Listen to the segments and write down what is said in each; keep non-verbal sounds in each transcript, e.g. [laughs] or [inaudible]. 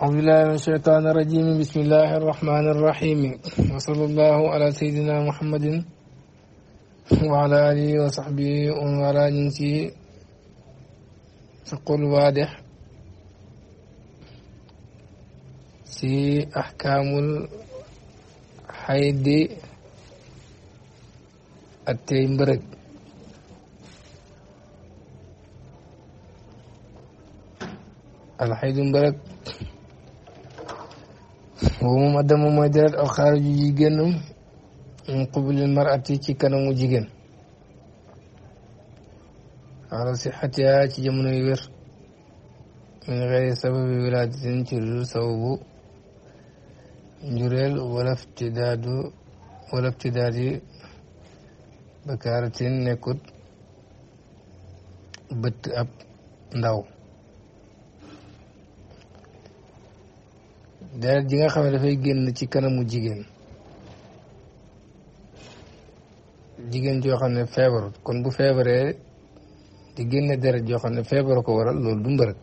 أعوذ بالله من الشيطان الرجيم بسم الله الرحمن الرحيم وصلى الله على سيدنا محمد وعلى آله وصحبه ومن والاه جنسه تقول واضح في أحكام الحيد التيمبرد الحيد المبرد boobu moom addama mooy deret aw xaariju ji mu qubilil marati ci kanamu jigéen ala ci jamono yu wér min xëyri sababi wilaadatin ci lu sababu njureel wala ftidaadu nekkut bët ab ndaw deret ji nga xam ne dafay génn ci kanamu jigéen jigéen joo xam ne feebarut kon bu feebaree di génne deret joo xam ne feebaru ko waral loolu du mbërëg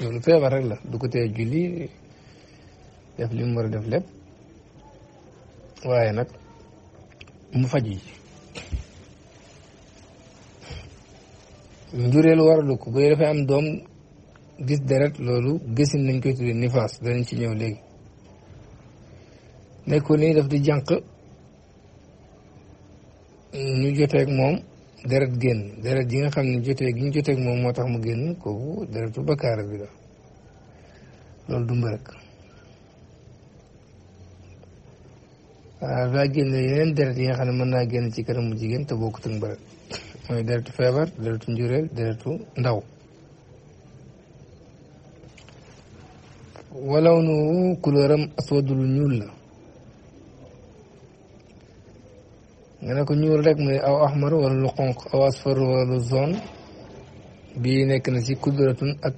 loolu feebar rek la du ko tee julli def li mu war def lépp waaye nag mu faj yi njuréelu waralu ko bu dee dafay am doom gis deret loolu gësin nañ koy tuddee nifaas danañ ci ñëw léegi nekkoon nii daf di jànq ñu joteeg moom deret génn deret yi nga xam ne jotee gi ñu joteeg moom moo tax mu génn kooku deretu bakkaara bi la loolu du mbërëk waaw daa génn yeneen deret yi nga xam ne mën naa génn ci kanamu jigéen te bokkut ak mbërëk mooy deretu feebar deretu njureel deretu ndaw ولونه كل رم أسود النيول أنا يعني نيول رك من أو أحمر ولا لقنق أو أصفر ولا زون بينا كنسي قدرة أك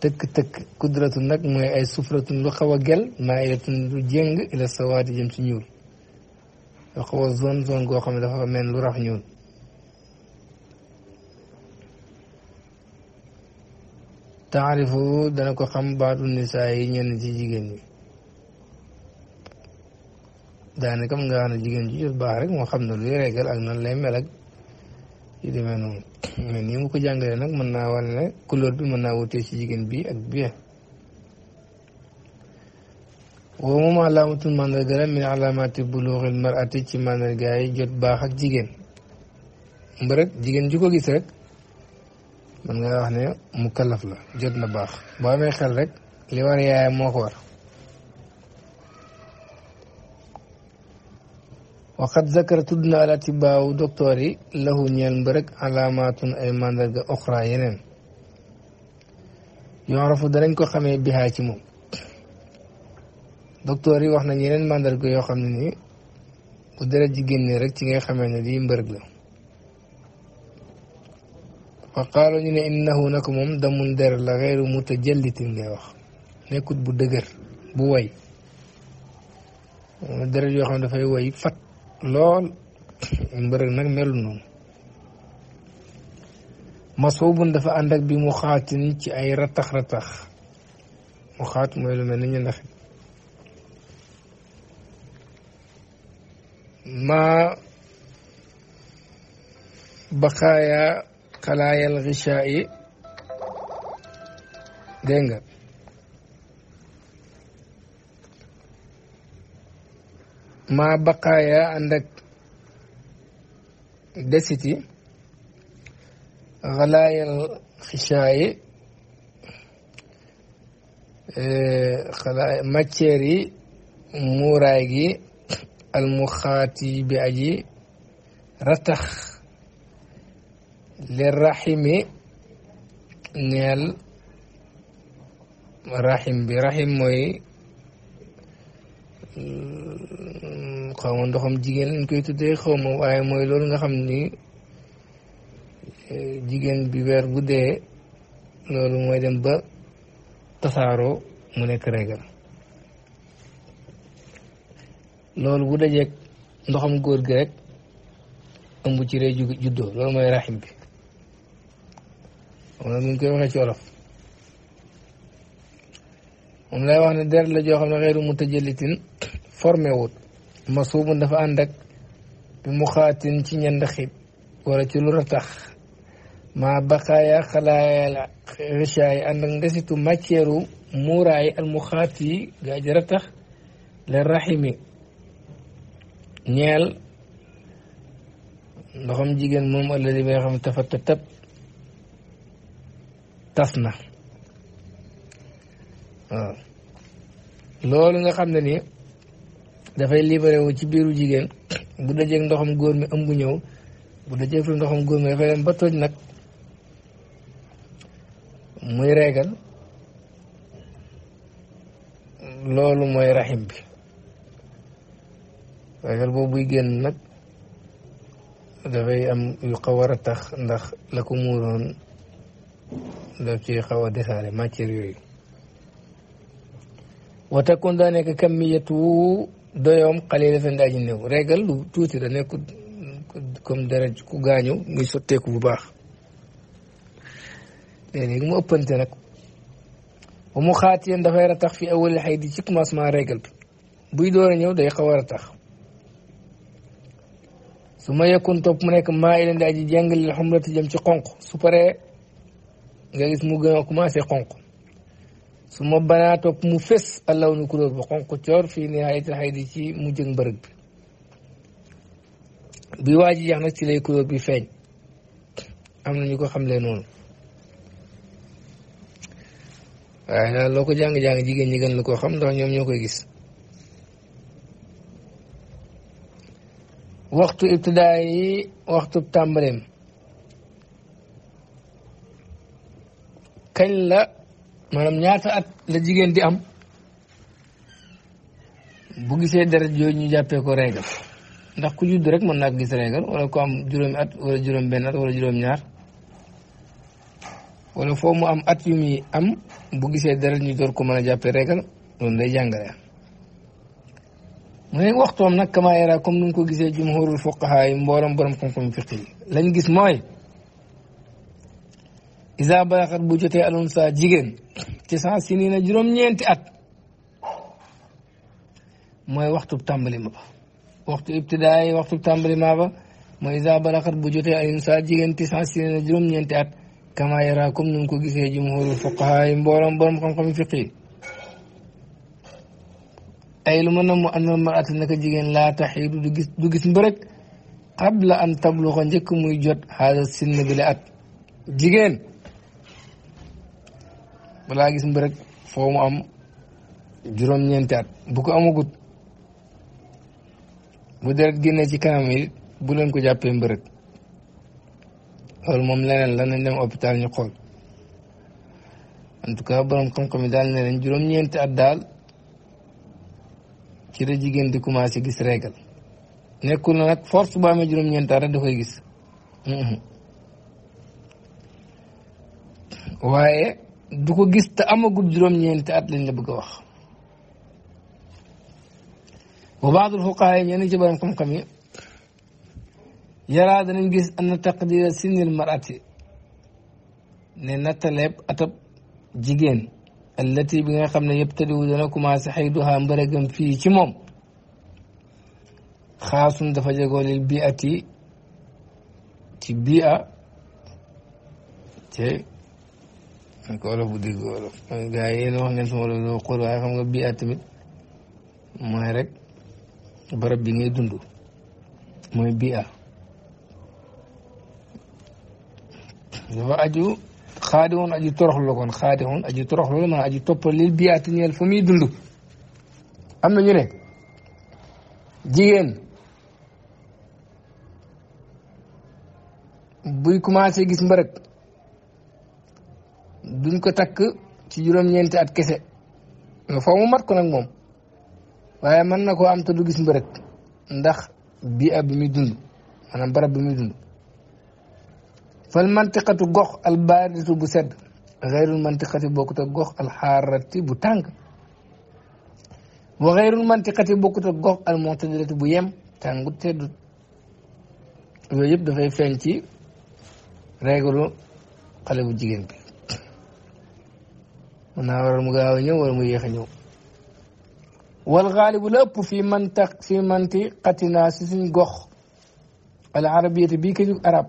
تك تك قدرة نك ما أي سفرة لخوا جل ما أي تنجنج إلى سواد جمت نيول لخوا زون زون قوام دفع من لراح نيول taarifu dana ko xam baatu nisaa yi ñenn ci jigéen ñi daanaka nga xam ne jigéen ci jot baax rek moo xam ne luy régal ak nan lay mel ak yu noonu mais nii mu ko jàngalee nag mën naa wane ne couleur bi mën naa wutee ci jigéen bi ak bii woo moom alaamatul mandarga la min alaamaati marati ci mandarga jot baax ak jigéen mba rek jigéen ju ko gis rek من غير واحد مكلف له جدنا باخ باي ما يخرج اللي وانا يا موخور وقد ذكرت ابن الاتباء دكتوري له نيالمبرك علامات ايماندرغ اخرى ينن يعرف درنكو خمي بها تيمو دكتوري واخنا نينن ماندرغ يو خمني بو درجي جيني رك تيغي خمي ندي مبرك له fa qaalu ñu ne innahu naka moom damun der la xeyru mutajallitin ngay wax nekkut bu dëgër bu way deret yoo xam ne dafay way fat lool mbërëg nag melul noonu masubun dafa ànd ak bi mu xaatin ci ay ratax-ratax mu xaat mooy lu mel ni ñu ndax maa baqaaya xalaayal xichaa yi dégg nga maa baqaaya ànd ak desiti xalaayal xichaa yi xalaay matière yi muuraay gi almuxaati bi aji ratax li raximi ñeel raxim bi raxim mooy xaw ma ndoxam jigéen lañ koy tuddee xaw ma waaye mooy loolu nga xam ni e, jigéen bi weer bu dee loolu mooy dem ba tasaaroo mu nekk régal loolu bu dajeeg ndoxam góor gi rek am ëmb ci rey juddoo loolu mooy raxim bi wala nuñ koy waxee lay wax ne der la joo xam ne xeeru mutajallitin formé wut masuubun dafa bi mu xaatin ci ñend xib wala ci lu ratax maa baqaaya xalaayal richaay ànd ak ndesitu matière muuraay al mu xaat yi gaa ji ratax le raximi ñeel ndoxam jigéen moom ëllëg bi tab tas na waaw loolu nga xam ne ni dafay libéré wu ci biiru jigéen [coughs] bu dajeeg ndoxam góor mi ëmb ñëw bu dajeeg fi ndoxam góor mi dafay ba toj nag muy regal loolu mooy raxim bi reegal boobu buy génn nag dafay am yu war a tax ndax la ko muuroon daf ci xaw a desaale matière yooyu waxta kon daa nekk kamiyatu doyoom xalilatan daaji néew régal lu tuuti da nekk comme dara ku gaañu mu sotteeku bu baax léegi mu ëppante nag ba mu xaat yéen dafay ratax fi awali xay di ci commencement régal bi buy door a day xaw a ratax su ma yekkoon topp mu nekk maa ilan daaji jàng lil xumrati jëm ci xonq su paree nga gis mu gën a commencé xonq su ma banaa topp mu fés allaw nu couleur ba xonq coor fii nihaayati xaydi ci mu jëng mbërëg bi bi waa ji jeex nag ci lay couleur bi feeñ am na ñu ko xamlee noonu waaye daal loo ko jàng-jàng jigéen ñi gën la ko xam ndax ñoom ñoo koy gis waxtu ibtidaa yi waxtu tàmbaleem kañ la maanaam ñaata at la jigéen di am bu gisee deret yooyu ñu jàppee ko régal ndax ku judd rek mën naa ko gis régal wala ku am juróomi at wala juróom benn at wala juróom ñaar wala foo mu am at yu muy am bu gisee deret ñu door ko mën a jàppee régal loolu lay jàngale mu ne waxtoom nag kama yara comme nu ko gisee jumhurul fuqaha yi mboolam borom xam-xam fiqi lañ gis mooy isa balaxat bu jotee alon sa jigéen ci san si nii na juróom-ñeenti at mooy waxtu tàmbali ma ba waxtu ibtidaay waxtu tàmbali ma ba mooy isa balaxat bu jotee alon sa jigéen ci san si nii na juróom-ñeenti at kama yara comme ni mu ko gisee jumhurul fuqahaa yi mbooloom borom xam-xam fiq yi ay lu mën a mu anal marata naka jigéen laa taxiidu du gis du gis mbërëg qabla an tabluxa njëkk muy jot xaala sinn bi la at jigéen balaa gis mbërëg foo mu am juróom-ñeenti at bu ko amagut bu deret génnee ci kanam yi bu leen ko jàppee mbërëg loolu moom leneen lan nañ dem hôpital ñu xool en tout cas borom xam-xam yi daal ne leen juróom-ñeenti at daal ci la jigéen di commencé gis régal nekkul na nag force bu amee juróom-ñeenti at rek da koy gis waaye du ko gis te amagul juróom lañ la bëgg a wax wa baadul fuqahaa yi ñenn ci borom xam-xam yi yaraa danañ gis anna taqdira sinil marati ne nattaleeb atab jigéen allati bi nga xam ne yëpp tadiwu dana commencé xayduhaa mbërëgam fii ci moom xaasum dafa jegoo lil biati ci bia man ko olof bu dégg olof gars yi yéen wax ngeen sama olof dama xóol waaye xam nga bii at tamit mooy rek barab bi ngay dund mooy bii a aju xaadi woon aju toroxlu la kon xaadi woon aju toroxlu la lil bii at ñeel fa muy dund am na ñu ne jigéen buy commencé gis mbërëg duñ ko takk ci juróom-ñeenti at kese nga foo mu mat ko nag moom waaye mën na koo am te du gis mbërëg ndax bii ab bi muy dund maanaam barab bi dund fal mantiqatu gox al baridatu bu sedd xayrul mantiqati bokkut ak gox al xaarati bu tàng wa xayrul mantiqati bokkut ak gox bu yem tàngut teddut yooyu yëpp dafay feeñ ci réeglu xale bu jigéen bi ونهار المقاوين والمجيخين والغالب لأبو في منطق في منطقة ناسس غخ العربية بيك العرب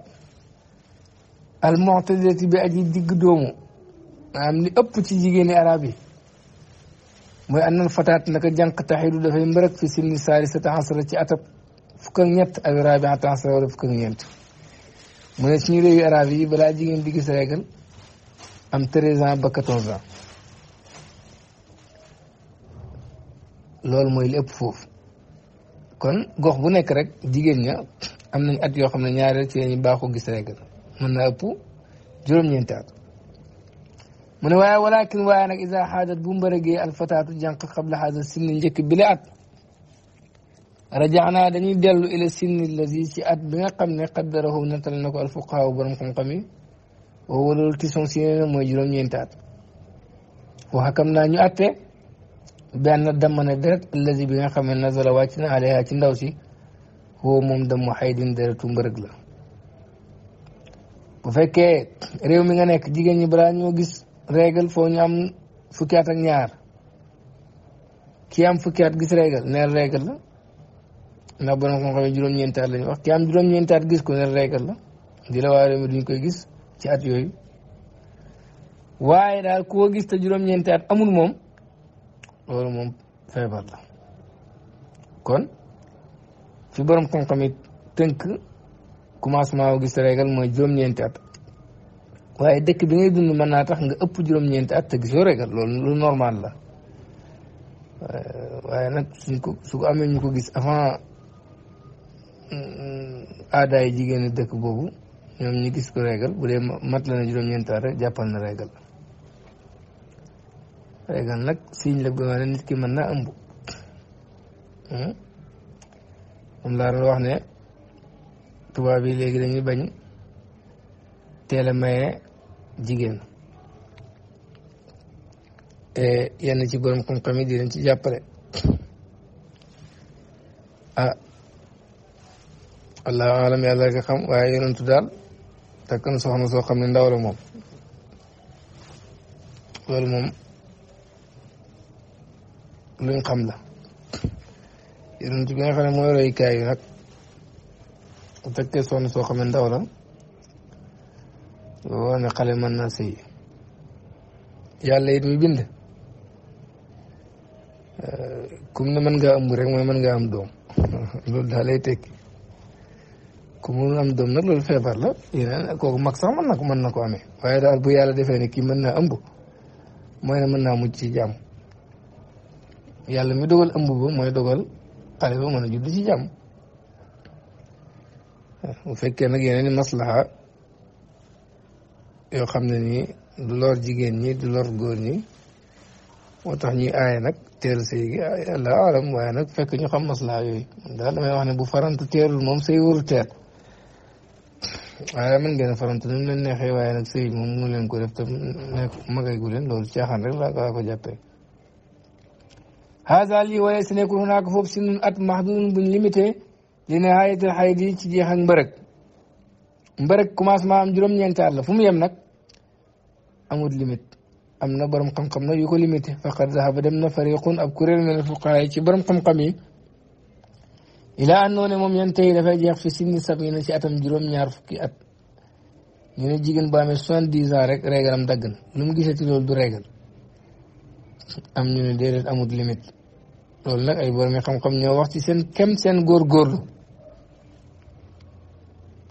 المعتدلة بأجي ديك دومو أم نعم، لأبو تجيجيني عربي موي أن الفتاة نكا جانك تحيل دفعي مبرك في سن ساري ستحصر تي أتب فكن يت أبي رابع تحصر ولا فكن ينت موي سنيري عربي بلا جيجين ديك سريكن أم تريزان بكتوزان loolu mooy li ëpp foofu kon gox bu nekk rek jigéen ña am nañ at yoo xam ne ñaari rek ci lañuy baaxoo mën na ëpp juróom-ñeenti at mu ne waaye walakin waaye nag isa xaadat bu mbërëgee alfataatu jànq xabla xaada sinni njëkk bi la at rajaanaa dañuy dellu ila sinni lazi ci at bi ne qaddarahu na ko alfuqahaa borom xam-xam yi woo waloolu tison si mooy juróom-ñeenti at wa xakam naa ñu bi anna damma ne deret allazi bi nga xam ne nazala wàcc na alayha ci ndaw si xoo moom dammu xaydin deretu mbërëg la bu fekkee réew mi nga nekk jigéen ñi balaa ñoo gis régal foo ñu am fukki at ak ñaar ki am fukki at gis régal neel régal la ndax borom xam xam juróom-ñeenti at lañu wax ki am juróom-ñeenti at gis ko neel régal la di la waa réew mi duñ koy gis ci at yooyu waaye daal koo gis te juróom-ñeenti at amul moom loolu moom feebar la kon fi borom xam-xam yi tënk commencement wu gis régal mooy juróom-ñeenti at waaye dëkk bi ngay dund mën naa tax nga ëpp juróom-ñeenti at te gisoo régal loolu lu normal la euh, waaye nag suñ ko su ko amee ñu ko gis avant euh, aadaay jigéen dëkk boobu ñoom ñu gis ko régal bu dee mat la na juróom-ñeenti at rek jàppal na régal régal nag signe la buy wane nit ki mën na ëmb hmm? moom laa doon wax ne tubaab yi léegi dañu bañ teel a maye jigéen te yenn ci borom xam-xam yi di leen ci jàppale ah allahu alam yàlla rek xam waaye yonentu daal takkan soxna soo xam ne ndaw la moom loolu moom luñ xam la yonent bi nga ne mooy yi nag bu fekkee soxna soo xam mën naa sëy yàlla it muy bind eh, mën ngaa ëmb rek mooy mën ngaa am doom [laughs] loolu daal lay tekki ku mënul am doom nag loolu feebar la yeneen kooku mag sax mën na ko mën na ko amee waaye daal bu yàlla defee ne kii mën naa ëmb mooy ne mën naa mucc ci jàmm yàlla mi dogal ëmb ba mooy dogal xale ba mën a judd ci jàmm bu fekkee nag yeneen i maslaha yoo xam ne nii du lor jigéen ñi du lor góor ñi moo tax ñuy aaye nag teeru sëy gi yàlla alam waaye nag fekk ñu xam maslaha yooyu man daal damay wax ne bu farantu teerul moom sëy waru teer waaye mën ngeen a farantu ni mu leen neexee waaye nag sëy moom mu leen ko def te nekk magay gu leen loolu caaxaan rek laa ko jàppee هذا لي ويسن يكون هناك فوب سن أت محدود بن لمتة لنهاية الحياة دي تجي هن برك برك كم اسمع أم جرم ينتهى الله فم يمنك أمود لمت أم نبرم كم كم نيجو لمتة فقد ذهب دمنا فريقون أبكر من الفقهاء تبرم كم كمي إلى أن نون مم ينتهي لفاجع في سن سبعين سي أتم جرم يعرف كي أت ñu ne jigéen bu amee soixante dix ans rek régal am dagg na nu mu gisee ci loolu nag ay borom xam-xam ñoo wax ci seen kem seen góorgóorlu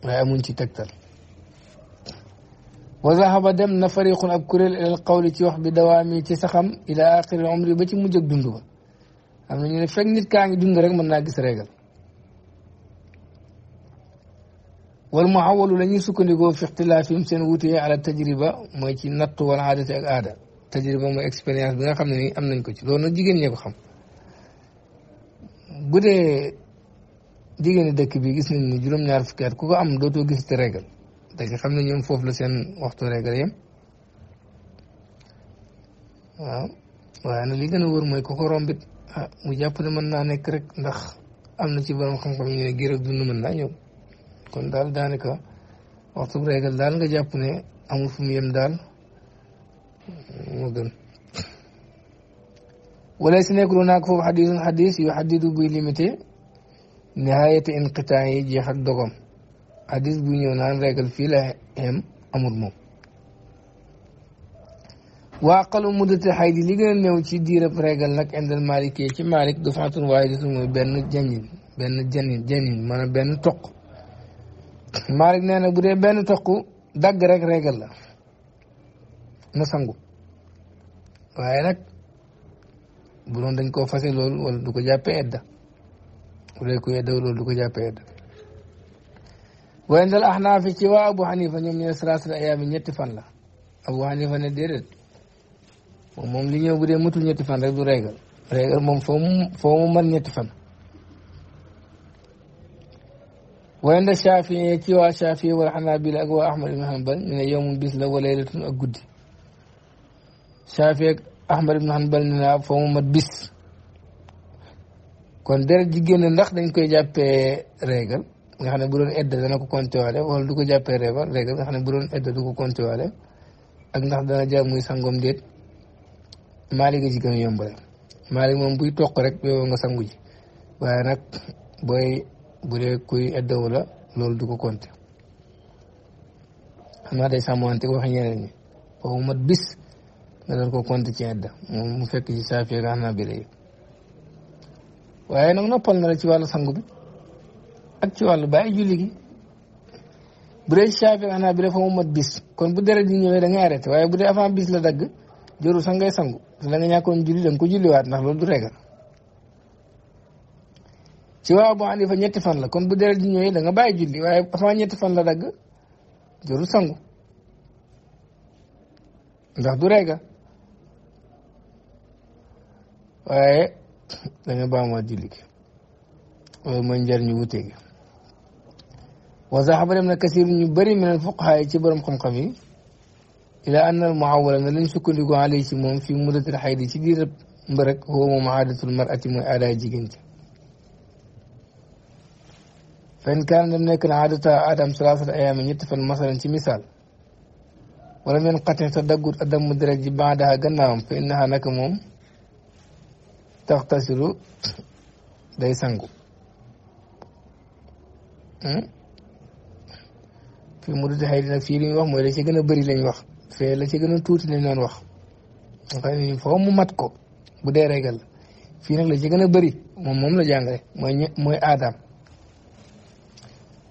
waaye amuñ ci tegtal wa zahaba dem na fariqun ab kuréel ilal qawli ci wax bi dawaami ci saxam ila axiri umri ba ci mujj ak dund am na ñu ne fekk nit kaa ngi dund rek mën naa gis régal wal muhawalu la ñuy sukkandikoo fi ixtilaafihim seen wutee ala tajriba mooy ci nattu wala aadati ak aada tajriba mooy expérience bi na xam ne ni am nañ ko ci loolu nag jigéen ñee ko xam bu dee jigéeni dëkk bi gis nañ ni juróom-ñaar fukki at ku ko am dootoo gis te régal dëkk xam ne ñoom foofu la seen waxtu régal yem waaw waaye nag li gën a wóor mooy ku ko rombit ah mu jàpp ne mën naa nekk rek ndax am na ci borom mën naa ñëw kon daal daanaka waxtu régal daal nga jàpp ne amul fu yem daal wala si nekkul woon naa ko foofu xadiisun xadiis yu xadiidu buy limité nihaayati inqitaa yi jeex ak dogom xadiis buy ñëw naan régal fii la am amul moom. waa aqalu muddati xaydi li gën a néew ci diirab régal nag indal Maalik ci Maalik duf'atun waahidatun mooy benn janin benn janin janin maanaam benn toq Maalik nee na bu dee benn toq dagg rek régal la na sangu waaye nag. bu doon dañ koo fase loolu wala du ko jàppee edda bu du ko jàppee edda wa indal axnaafi ci waa abu xanifa ñoom ñu ne salaatul ñetti fan la abu li ñëw bu dee mutul ñetti fan rek du régal régal moom foo mu foo ñetti fan wa indal shafii ci waa wal wala xanaabila ahmad ibn hanbal ñu bis la wa laylatun ak guddi shafii Ahmad ibn Hanbal ne naa foo mu mat bis kon deret ji génn ndax dañ koy jàppee régal nga xam ne bu doon edda dana ko compté waale wala du ko jàppee bu doon edda du ak ndax dana jàpp muy sangoom déet Maalik nga ci gën a yomb rek moom buy toq rek yow nga sangu ji waaye nag booy bu dee kuy eddawu la loolu du ko compté xam naa day sàmmante wax ñeneen ñi mat bis. nga doon ko compte ci edda moom mu fekk ci saafiya waaye nag noppal na la ci wàllu sangu bi ak ci wàllu bàyyi julli gi bu dee ci saafiya ak xanaabila fa mu mat bis kon bu deret di ñëwee da ngay waaye bu dee avant bis la dagg jëru sax ngay sangu te ñàkkoon julli da ko julliwaat ndax loolu du regal ci waa boo andi fa ñetti fan la kon bu deret di ñëwee da nga bàyyi julli waaye avant ñetti fan la dagg jëru sangu ndax du regal waaye da nga baamuwaat julli gi loolu mooy njariñu wute gi wa zaxaba dem na kasiir ñu bëri min al fuqahaa yi ci borom xam-xam yi ilaa anna al muawala na lañ sukkandiku alay ci moom fii muddatil xaydi ci diir mbërëg huwa moom aadatul marati mooy aadaa jigéen ci فإن كان لم يكن عادتها آدم ثلاثة أيام يتفن مثلا في مثال ولم ينقطع تدقق أدم مدرج بعدها جنام فإنها نكمهم taxtasilu day sangu fii mu dut xëy nag fii li wax mooy la ci gën a bëri lañ wax fee la ci gën a tuuti lañ doon wax nga xam mu mat ko bu dee régal fii nag la ci gën a bëri moom moom la jàngale mooy mooy aadaam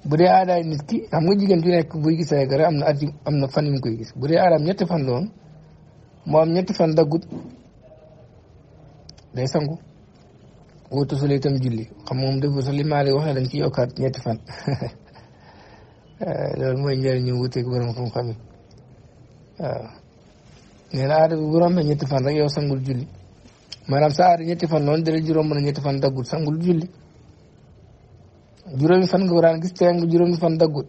bu dee aadaay nit ki xam nga jigéen ju nekk buy gis régal am na at am na fan yu mu koy gis bu dee aadaam ñetti fan la moo am ñetti fan daggut day sangu wóotu su la julli xam moom defu sax li maali waxee dañ ci yokkaat ñetti fan [laughs] eh, loolu mooy njëriñu wuteeg borom xam-xam na ñetti fan rek yow sangul julli maanaam sa ñetti fan noonu dara juróom mën a ñetti fan daggul sangul julli juróomi fan nga ko daan gis te nga juróomi fan daggul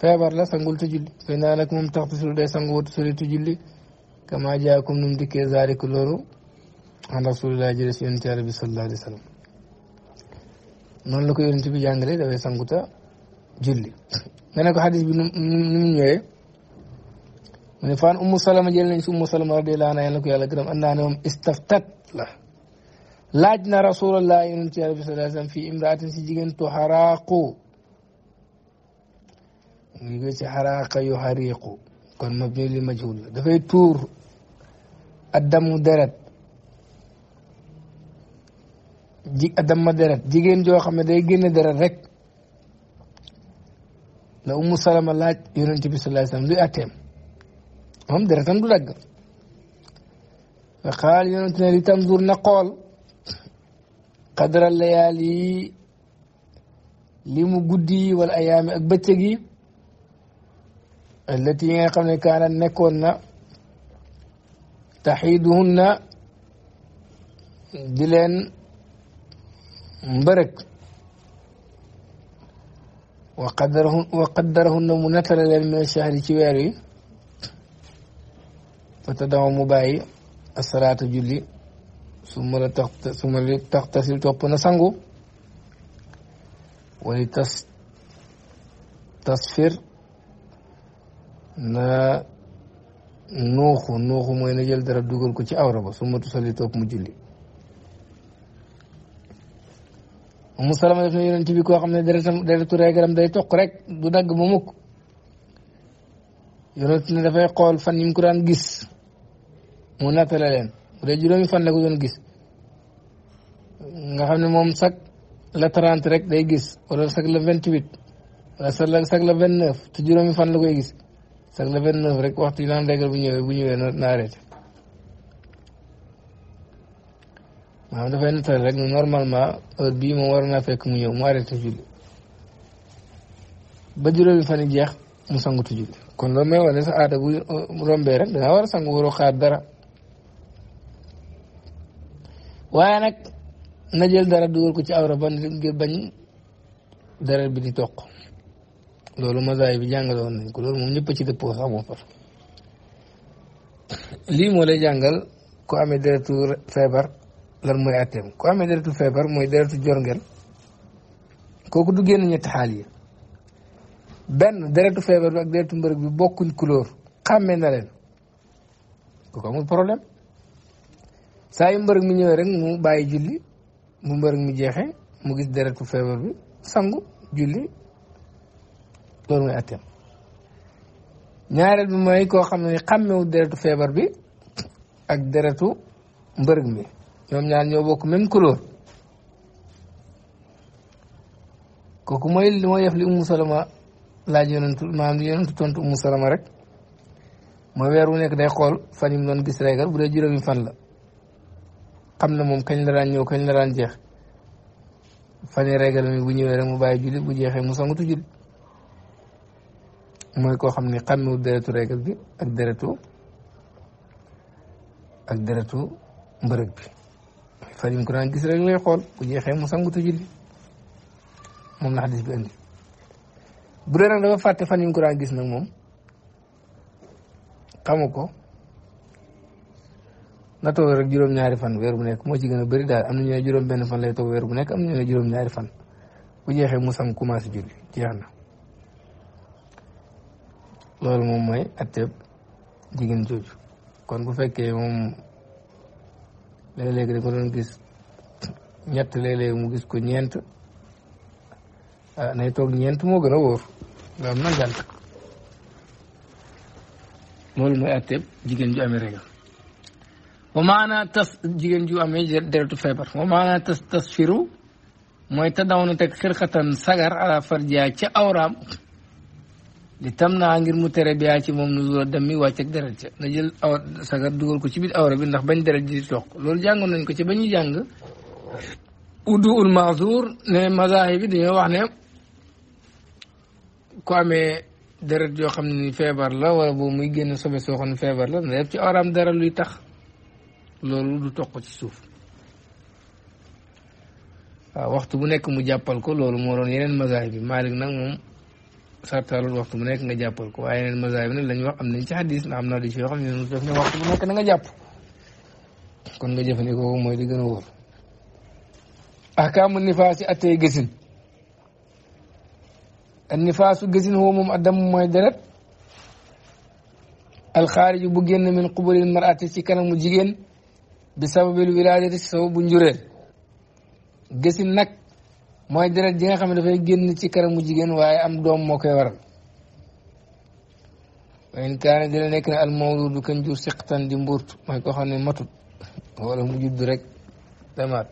feebar la sangul te julli fay naa nag moom tax te day sangu wóotu su julli kama jaakum nu mu dikkee zaariku loolu عن رسول الله جلس ينتهي ربي صلى الله عليه وسلم نون لكو ينتهي بي جانجلي دا بي سنكوتا جلي نلقى حديث بن نمي من فان أم سلمة جلن أم سلمة رضي الله عنها ينلقى يالا كرم أنا استفتت لا لاجنا رسول الله ينتهي ربي صلى الله عليه وسلم في امرأة سجين تحراقو ويقول لك حراق يحريق كان مبني لمجهول دفعي تور الدم درت ji damma deret jigéen joo xam ne day génne deret rek la umu salama laaj yonent bi sallallahu alayhi wasallam luy atteem moom deretam du dagg nga xaal yonent ne li tanzur na xool qadra layaal li mu guddi yi wala ayaami ak bëccëg yi allati yi nga xam ne kaana nekkoon na taxiiduhunna di mbërëg wa qaddarahu wa qaddarahunna mu nattale leen min shahri ci weer wi fa tadaw mu bàyyi asalaata julli su la tax su la tax tasil topp na sangu wala tas tasfir na nuuxu nuuxu mooy na jël dara dugal ko ci awra ba su ma tusali topp mu julli. mu salama def na yonent bi koo xam ne deretam deretu reegalam day toq rek du dagg ba mukk yonent ne dafay xool fan yi mu ko daan gis mu nattale leen bu dee juróomi fan la ko doon nga xam ne moom sag la trente rek day gis wala sag la vingt huit wala sag la sag la vingt neuf te juróomi fan la koy gis sag la vingt neuf rek waxtu yi naan régal bu ñëwee bu ñëwee na arrêté maanaam dafay nattal rek ne normalement heure bii moom war naa fekk mu ñëw mu arrêté julli ba juróomi fan yi jeex mu sangutu julli kon loolu may wane war a sangu waroo nag na jël dara dugal ci awra ba ngir bañ dara bi di toq loolu masaay bi jàngale woon nañ ko loolu moom ñëpp ci dëppoo sax moom far lii moo lay jàngal ku amee deretu feebar lan moy atem ko amé deretu febar moy deretu jorngel koku du génn ñetti xaal yi ben deretu febar ak deretu mbërëg bi bokkuñ couleur xamé na ko ko amul problème saa yu mbërëg mi ñëw rek mu bayyi julli mu mbërëg mi jeexee mu gis deretu febar bi sangu julli loolu mooy atem ñaareel bi moy ko xamné xamé wu deretu febar bi ak deretu mbërëg mi ñoom ñaar ñoo bokk même couleur kooku mooy li mooy def laaj yonentu maam li yonentu tontu Ummu Salama rek mooy weer wu nekk day xool fan yi mu doon gis reegal bu dee juróomi fan la xam na moom kañ la daan ñëw kañ la daan jeex fan yi reegal mi bu ñëwee rek mu bàyyi julli bu jeexee mu tu julli mooy koo xam ne xàmmewul deretu reegal bi ak deretu ak deretu mbërëg bi fajuñ ko daan gis rek lay xol bu jeexee mu sangutu julli mom la hadith bi andi bu dee nak dafa fàtte fan ko daan gis nak mom xamuko na to rek juróom-ñaari fan weer bu nek mo ci gëna a daal am ñu ne ben fan lay to weer bu nek am ñu ne ñaari fan bu jeexee mu sang commencé julli jeexna na mom moy atep atteb jigéen kon bu fekke mom léeg-léeg da ko doon gis ñett léeg mu gis ko ñeent ah nay ñeent moo gën a wóor nga am na ngànt loolu mooy àtteeb jigéen ju amee régal wa tas jigéen ju amee deretu feebar wa maanaa tas tas firu mooy te daw na teg xirxatan sagar ala farjaa ca awraam li tam naa ngir mu tere biyaa ci moom nuzula dem mi wàcc ak na jël sagar dugal ko ci biir awra bi ndax bañ deret ji di toq loolu jàngoon nañ ko ci ba ñuy jàng uddu ul maasuur ne mazahib dañoo wax ne ku amee deret yoo xam ne feebar la wala boobu muy génn sobe soo xam ne feebar la na def ci awraam dara luy tax loolu du toq ci suuf waxtu bu nekk mu jàppal ko loolu moo doon yeneen mazahib Maalik nag moom sartaalul waxtu mu nekk nga jàppal ko waaye yeneen mazaay bi nag lañ wax am nañ ci xadis na am naa di ci wax ñu def ne waxtu mu nekk na nga jàpp kon nga jëfandikoo ko mooy di gën a wóor ahkaamu nifaasi attey gësin an nifaasu gësin huwa moom addam mooy deret alxaariju bu génn min quburil marati ci kanamu jigéen bi sababil wilaadati si sababu njureel gësin nag mooy deret ji nga xam ne dafay génn ci kanamu jigéen waaye am doom moo koy waral wayn kaane dina nekk ne almawludu kañ jur siqtan di mbuurt mooy koo xam ne matut wala mu judd rek damaat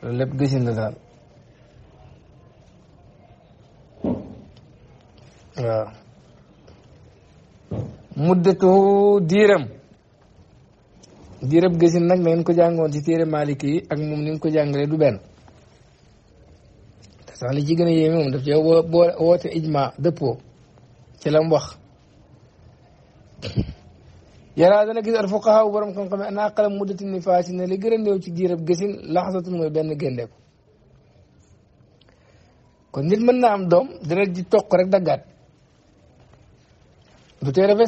loolu lépp gësin la daal waaw muddatu diiram diiram gësin nag na ngeen ko jàngoon ci téere Maaliki yi ak moom ni nga ko jàngalee du benn sax li ci gën a yéeme moom daf cee yaraa dana gis al fuqaha bu borom xam-xam ana aqala muddati nifaasi ne li gën a néew ci diirab gësin laxsatun benn géndeeku kon nit mën naa am doom dina ji toq rek daggaat du tee dafay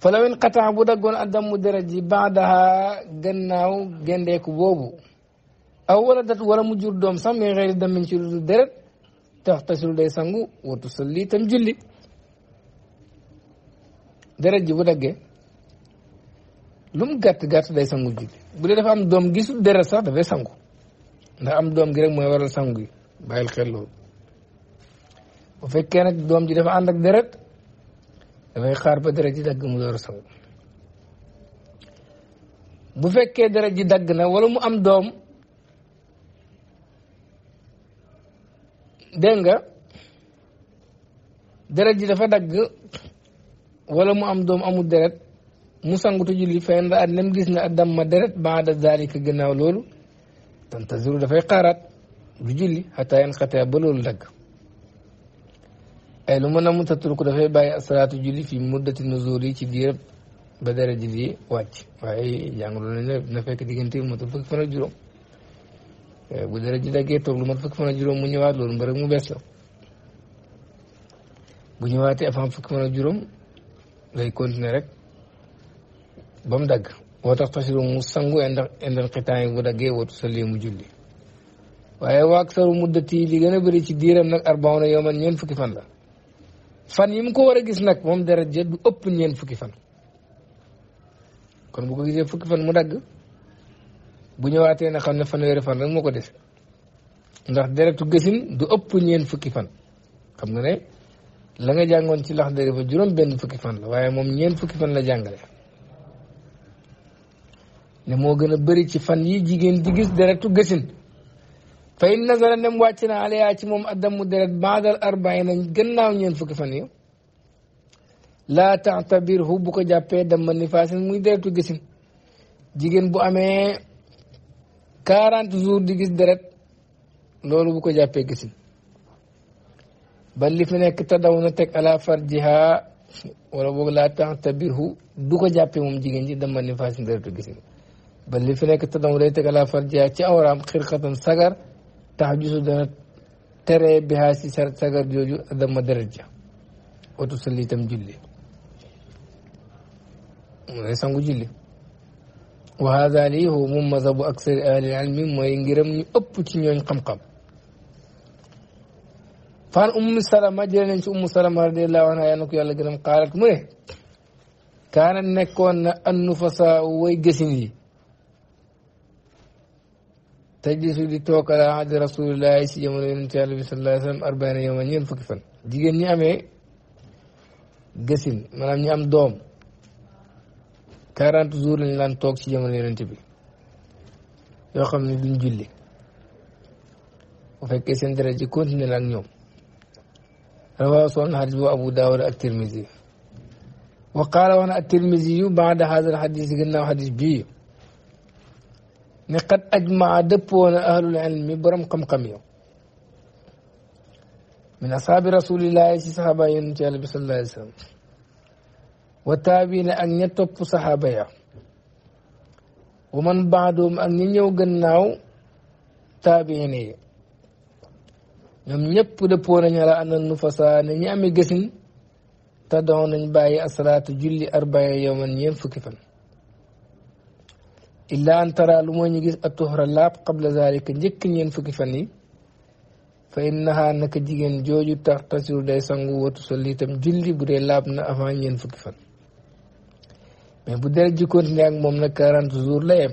fa lawin xataa bu daggoon addamu deret baadaha gannaaw boobu aw wala dat wala mu jur doom sax mais xëy na ci lu dul deret tax tasul day sangu watu salli tam julli deret ji bu daggee lu mu gàtt gàtt day sangu julli bu dee dafa am doom gisul deret sax dafay sangu ndax am doom gi rek mooy waral sanguy yi bàyyil xel bu fekkee nag doom ji dafa ànd ak deret dafay xaar ba deret ji dagg mu door sangu bu fekkee deret ji dagg na wala mu am doom. dégg nga deret ji dafa dagg wala mu am doom amul deret mu sangutu julli fenn at lem gis na damma deret baada zalika gannaaw loolu tantaziru dafay xaaraat du julli xataa yan xataa ba loolu dagg ay lu mën a mu tatruku dafay bàyyi asalaatu julli fi muddati nuzul yi ci diir ba deret ji di wàcc waaye jàng loolu na fekk diggante bi motul fukki fan ak juróom Eh, bu dara ji daggee toog lu mat fukki fan ak juróom mu ñëwaat loolu mbërëg mu bees la bu ñëwaatee avant fukki fan ak juróom lay continuer rek ba mu dagg moo tax tasiru mu sangu inda indal xitaan yi bu daggee wootu sa mu julli waaye waak saru muddati li gën a bëri ci diiram nag arbaon na yow man ñeent fukki fan la fan yi mu ko war a gis nag moom dara jël du ëpp ñeent fukki fan kon bu ko gisee fukki fan mu dagg bu ñëwaatee na xam ne fanweeri fan rek moo ko dese ndax deretu gësin ëpp ñeen fukki fan xam nga ne la nga jàngoon ci lax dere fa fukki fan waaye moom ñeen fan la jàngale ne moo gën a bari ci fan yi jigéen di gis deretu gësin fa in nazara nem wàcc na alayaa ci moom addamu deret baadal arbaina gannaaw ñeen fukki fan yi laa taxtabirhu bu ko jàppee damma nifaasin muy deretu gësin jigéen bu amee quarante jours di gis deret loolu bu ko jàppee gisin ba li fi nekk te daw teg ala farjiha wala boog laa tax tabirhu du ko jàppee moom jigéen ji dama ni faasin deretu gisin ba li fi nekk te daw day teg ala farjiha ci awraam xirxatan sagar tax jusu dana teree bihaa si sagar jooju dama deret ja otu sali itam julli mu ne sangu julli wa hada lii huwa moom mazhabu aksari ahli almi mooy ngiram ñu ëpp ci ñooñ xam-xam fan ummu salama jëlee nañ ci ummu salama radiallahu anha yaa na ko yàlla gërëm xaalat mu ne kaana nekkoon na annufasaa way gësin yi tajlisu di toog ala ahdi rasulillahi si jamono yonente yàlla bi sallallahu alayhi wa sallam arbaina yowman ñeen fukki fan jigéen ñi amee am doom 40 jours lañ lan tok ci jamono yonent bi yo xamni duñ julli bu fekkee seen deret ji continué la ak ñoom rawaa son hadith bu abu dawud ak tirmisi wa qala wa at ak tirmisi hadha al-hadith ginna hadith bi ni qad ajmaa dëppoo na al-ilm borom xam-xam yo من أصحاب رسول الله صلى الله عليه وسلم wa taabiina ak ña topp saxaaba ya wa man baadoom ak ñi ñëw gannaaw taabiine yi ñoom ñëpp dëppoo nañ ala ana nufasa ne ñi ame gësin te doon nañ bàyyi asalaatu julli arbaya yowman ñeen fukki fan illa an lu moo ñu gis atuhra laab qabla zalika njëkk ñeen fukki fan yi fa innaha naka jigéen jooju tax tasiru day sangu watu sa liitam julli bu dee laab na avant ñeen fukki fan mais bu deret ji continué ak moom nag quarante jours la yem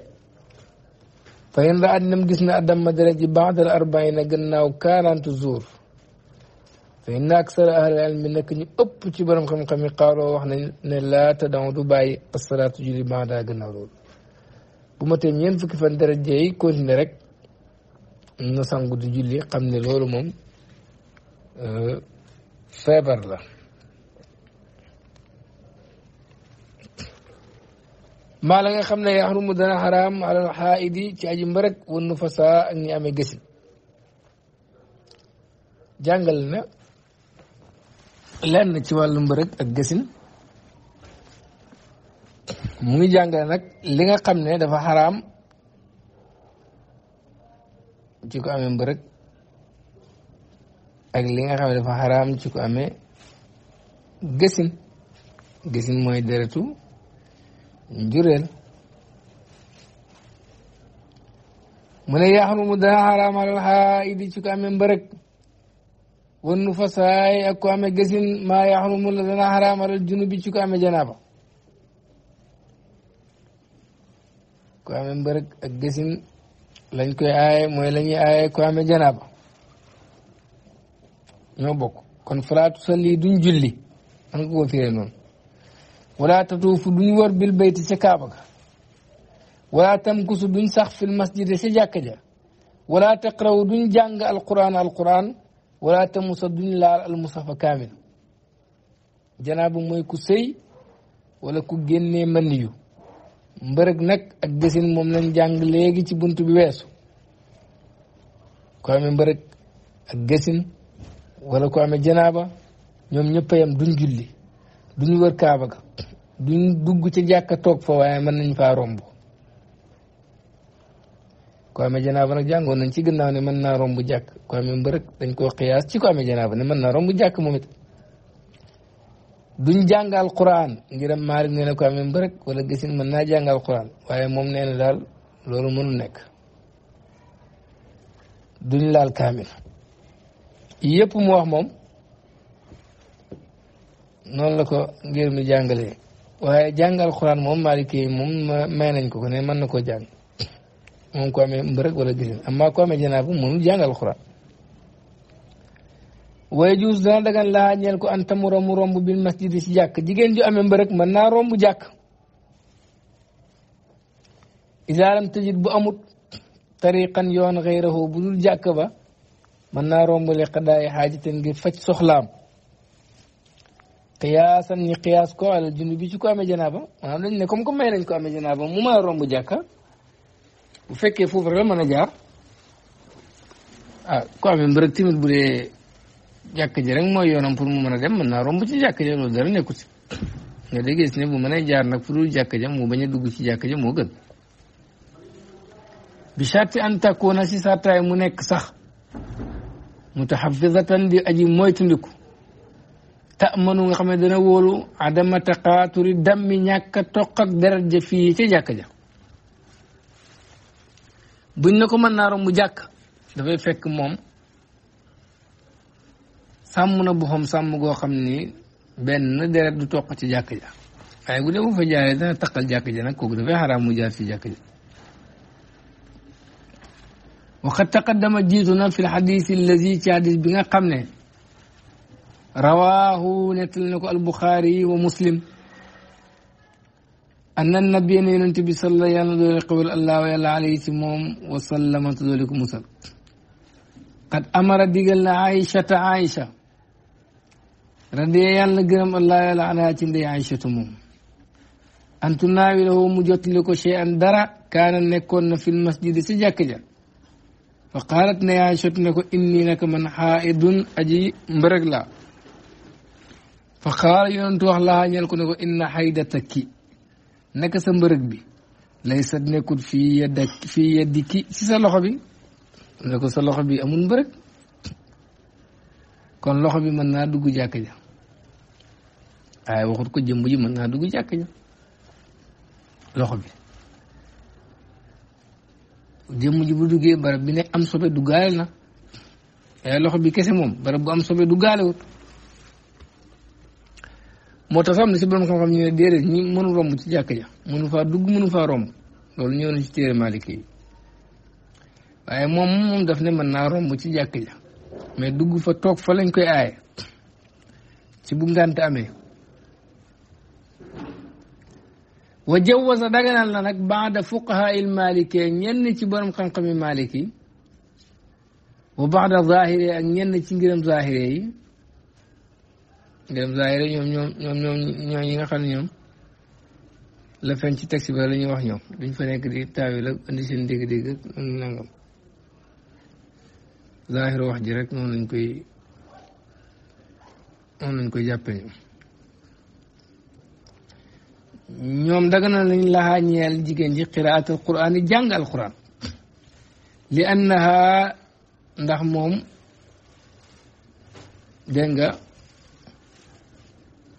fa in raat nam gis na adam ma deret ji baadal arbaina gannaaw quarante jours fa in aksara ahli almi nak ñu ëpp ci borom xam-xam yi xaaroo wax nañ ne laa tadaw du bàyyi asalaatu julli baada gannaaw loolu bu ma tee ñeent fukki fan deret ji continué rek na sangu du julli xam ne loolu moom euh, feebar la maa la nga xam ne yaxrumu dana xaraam alal xaaidi ci aji mbërëg wan nu fasa ak ñi amee gësin jàngal na lenn ci wàllu mbërëg ak gësin mu ngi jàngale nag li nga xam ne dafa xaraam ci ko amee mbërëg ak li nga xam ne dafa xaraam ci ko amee gësin gësin mooy deretu jureel mu ne yaxrumu dana xaraam alal xaayidi ci ko amee mbërëg fasaay ak amee gësin maa yaxrumu dana xaraam alal junubi ci janaaba ko amee mbërëg ak gësin lañ koy aaye mooy la ñuy aaye amee janaaba ñoo bokk kon falaatu salli duñ julli an nga ko firee wala tatuufu duñ wër bil bayti ca Kaaba ga wala tamkusu duñ sax fil masjid ca jàkka ja wala taqraw duñ jàng alquran alquran wala tamusa duñ laal almusafa kaamil janaaba mooy ku sëy wala ku génnee mën yu mbërëg nag ak gësin moom lañ jàng léegi ci bunt bi weesu ko amee mbërëg ak gësin wala ko janaaba ñoom ñëpp a yem duñ ñu wër kaaba ga duñ dugg ci jàkka toog fa waaye mën nañ faa romb ko amee janaaba nag jàngoon nañ ci gannaaw ne mën naa romb jàkk ko amee mbërëg dañ koo xiyaas ci ko amee janaaba ne mën naa romb jàkk moom it duñ jàngal Qur'an ngiram Maalik nee na ko amee mbërëg wala gisin mën naa jàngal Qur'an waaye moom nee na daal loolu mënul nekk duñ laal kaamil yëpp mu wax moom noonu la ko ngir mi jàngalee waaye jàngal xuraan moom maaliki yi moom may nañ ko ko ne mën na koo jàng moom ko amee mbërëg wala gisin amma ko amee janaaba mënul jàngal xuraan waaye juus dana dagan laa ñeel ko an tamu romb romb bil masjid si jàkk jigéen ju amee mbërëg mën naa romb jàkk isaalam tëjit bu amut tariqan yoon xëyrahu bu dul jàkk ba mën naa romb li xadaay xaajateen ngir faj soxlaam qiyaasan ñi qiyaas ko alal junubi ci ko amee janaaba ne comme que may nañ ko amee janaaba mu mën a romb jàkka bu fekkee foofu rek la a jaar ah ko amee mbërëg tamit bu dee jàkka ji rek mooy yoonam pour mu mën a dem mën naa romb ci jàkka ja loolu dara nekkut nga dee gis ne bu mën a jaar nag fu dul jàkka ja mu bañ a dugg ci jàkka ja moo gën bi sarti an takkoona si sartaay mu nekk sax mutaxafizatan di aji moytandiku tamanu nga xam ne dana wóolu adama taqaaturi dammi ñàkk a ak deret ja fii ca jàkk ja buñ ne ko mën naa romb jàkk dafay fekk moom sàmm na bu boppam sàmm goo xam ni benn deret du toq ci jàkk ja waaye bu dee bu fa jaaree dana taqal jàkk ja nag kooku dafay xaraam mu jaar ci jàkk ja waxat taqaddama jiitu na fi l xadis allazi bi nga xam ne رواه نتلنك البخاري ومسلم أن النبي ننتبه صلى الله عليه وسلم قبل الله وعلى عليه وسلم وسلم تذلك مسلم قد أمر ديغلنا عائشة عائشة رضي الله عنه الله يلا على تند عائشة موم أن تناوله مجت لك شيئا درا كان نكون في المسجد سجاكجا فقالت نيا عائشة نكو إني لك من حائد أجي مبرقلا fa xaala yonentu wax laa ñeel ko ne ko inna xaydataki naka sa mbërëg bi lay sa nekkul fii yeddak fii ki si sa loxo bi ne ko sa loxo bi amul mbërëg kon loxo bi mën naa dugg jàkk ja waaye waxut ko jëmb ji mën naa dugg jàkk ja loxo bi jëmm ji bu duggee barab bi ne am sobe duggaale na waaye loxo bi kese moom barab bu am sobe duggaale wut moo tax am na si borom xam-xam ñu ne déedéet ñi mënu romb ci jàkk ja mënu faa dugg mënu faa romb loolu ñëw na ci téere Maalik yi waaye moom moom daf ne mën naa romb ci jàkk ja mais dugg fa toog fa lañ koy aaye ci bu ngànt amee wa jawwaza daganal na nag baada fuqahaa il maalikee ñenn ci borom xam-xami Maalik yi wa baada zaahiree ak ñenn ci ngiram zaahiree yi ngërëm zaahira ñom ñom ñom ñom ñoy yi nga xamni ñom la fën ci taxi ba lañu wax ñom duñ fa nek di taawi la andi seen deg deg ak nangam zaahira wax ji rek non lañ koy noonu lañ koy jàppe ñom daga na lañ la ñeel jigen ji qira'atul quran jangal quran li annaha ndax mom denga nga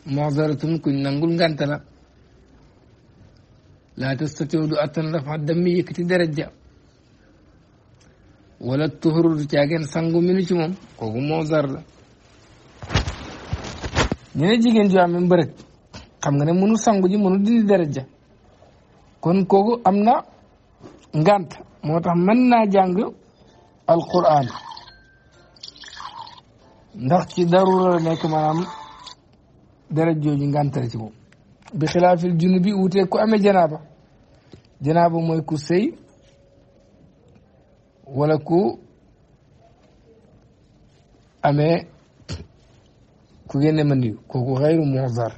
muxdaratun kuñ nangul ngant la laa tastatiw du attan rafa dammi yëkkati daraja wala tuxuru caageen sangu minu ci moom kooku muxdar la ñu jigéen ju amee mbërëg xam nga ne mënu sangu ji mënu dindi daraja kon kooku am na ngant moo tax mën naa jàng alquran ndax ci darura la nekk maanaam deret jooju ngàntale ci ko bi xilaafil junubi wutee جنابه amee janaaba janaaba mooy ku sëy wala ku amee ku génne mën yu kooku xayru muxdar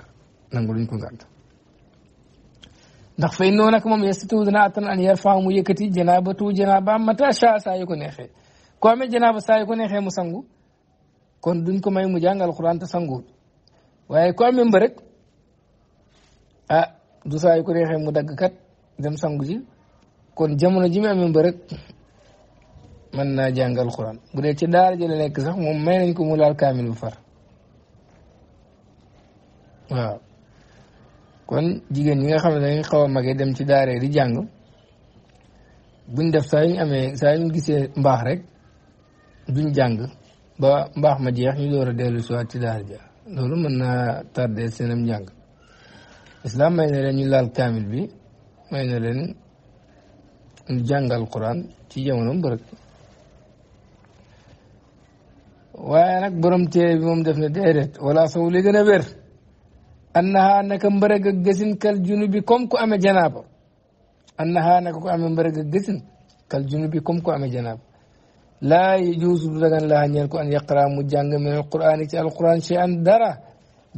ndax fay noo nag moom yestatu dana attan an yar faamu yëkkati janaabatu janaba mata sha sa saa nexe ko neexee janaba sa janaaba nexe yu mu sangu kon duñ ko may mu jàngal qur'an ta sangu waaye ku amee mba rek ah du saa yu ko neexee mu dagg kat dem sangu ji kon jamono ji mu amee mba rek mën naa jàngal Alxuraan bu dee ci daara ji la nekk sax moom may nañ ko mu laal kaamil bu far waaw kon jigéen ñi nga xam ne dañuy xaw a magee dem ci daara di jàng buñ def saa yuñ amee saa yuñ gisee mbaax rek duñ jàng ba mbaax ma jeex ñu door a dellu si ci daar ja loolu mën naa tardé seenam njàng islam may leen ñu laal kaamil bi may na leen ñu jàngal quran ci jamono mbërëg waaye nag borom téere bi moom def na déedéet wala sow li gën a wér annaha naka mbërëg ak gësin kal junubi comme ku amee janaaba annaha naka ku amee mbërëg junubi comme ku janaaba laa yajuusu du dagan laa ñeel ko an yaqra mu jàng min alquraan ci alquraan ci an dara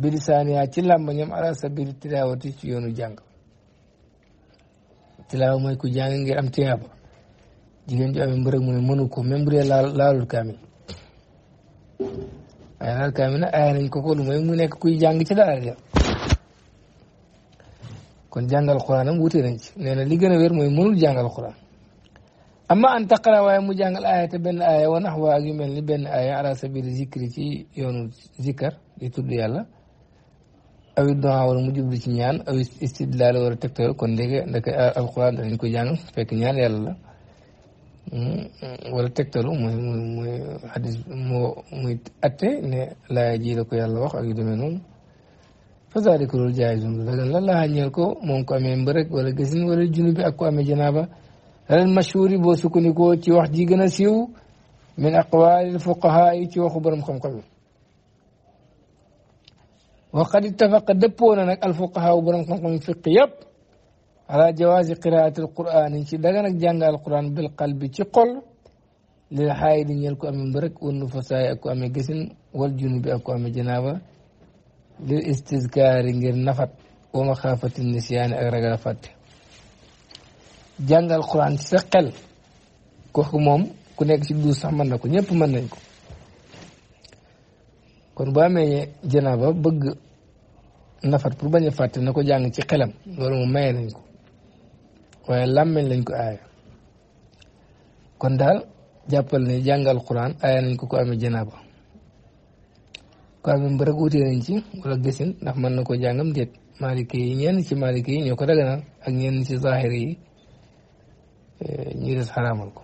bi lisaaniha ci làmbañam ala sabili tilaawati ci yoonu jàng tilaawa moy ku jàng ngir am tiyaaba jigéen ju amee mbërëg mu ne mënu ko même nañ ko mu nekk kuy jàng ci daara ja kon jàngal quraan am wute nañ ci nee na li gën a wér mooy mënul jàngal amma an taqara waaye mu jàngal ayata benn aaya wa naxwa ak yu mel ni benn aaya ala sabili zikri ci yoonu zikkar di tudd yàlla awit doa wala mu jublu ci ñaan aw istidlaal wala tegtal kon ndeke ndeke alquran dañ ko jàng fekk ñaan yàlla la hmm, wala tegtalu muy muy muy xadis moo muy atte ne laaya ji la ko yàlla wax ak yu demee noonu fa zalika loolu jaayizun la dagan la laa ñeel ko moom ko amee mbërëg wala gësin wala junubi ak ko amee janaaba alal mashhuri boo sukkandikoo ci wax ji gën a siiw min aqwalil fuqahaa yi ci waxu borom xam-xam yi wa qad ittafaqa dëppoo na nag al fuqahaa borom xam-xam yi fiq yëpp ala jawaazi qiraati al quran yi ci dagan ak jàng al quran bil qalbi ci xol lil xaayidi ñeel ko amee mbërëk wan nufasaay ak ko amee gësin wal junubi ak ko amee janaaba lil istizkaari ngir nafat wa maxaafati nisyaani ak ragal fàtte jàngal xuraan ci sa xel kooku moom ku nekk ci duus sax mën na ko ñëpp man nañ ko kon boo amee janaaba bëgg nafat pour ba a fàtte na ko jàng ci xelam loolu moom mayee nañ ko waaye làmmeñ lañ ko aaya kon daal jàppal ne jàngal xuraan aaya nañ ko ko amee janaaba ko amee mbërëg wutee nañ ci wala gësin ndax mën na ko jàngam déet maaliki yi ñenn ci maaliki yi ñoo ko daganal ak ñenn ci zaahiri yi ñi des xaraamal ko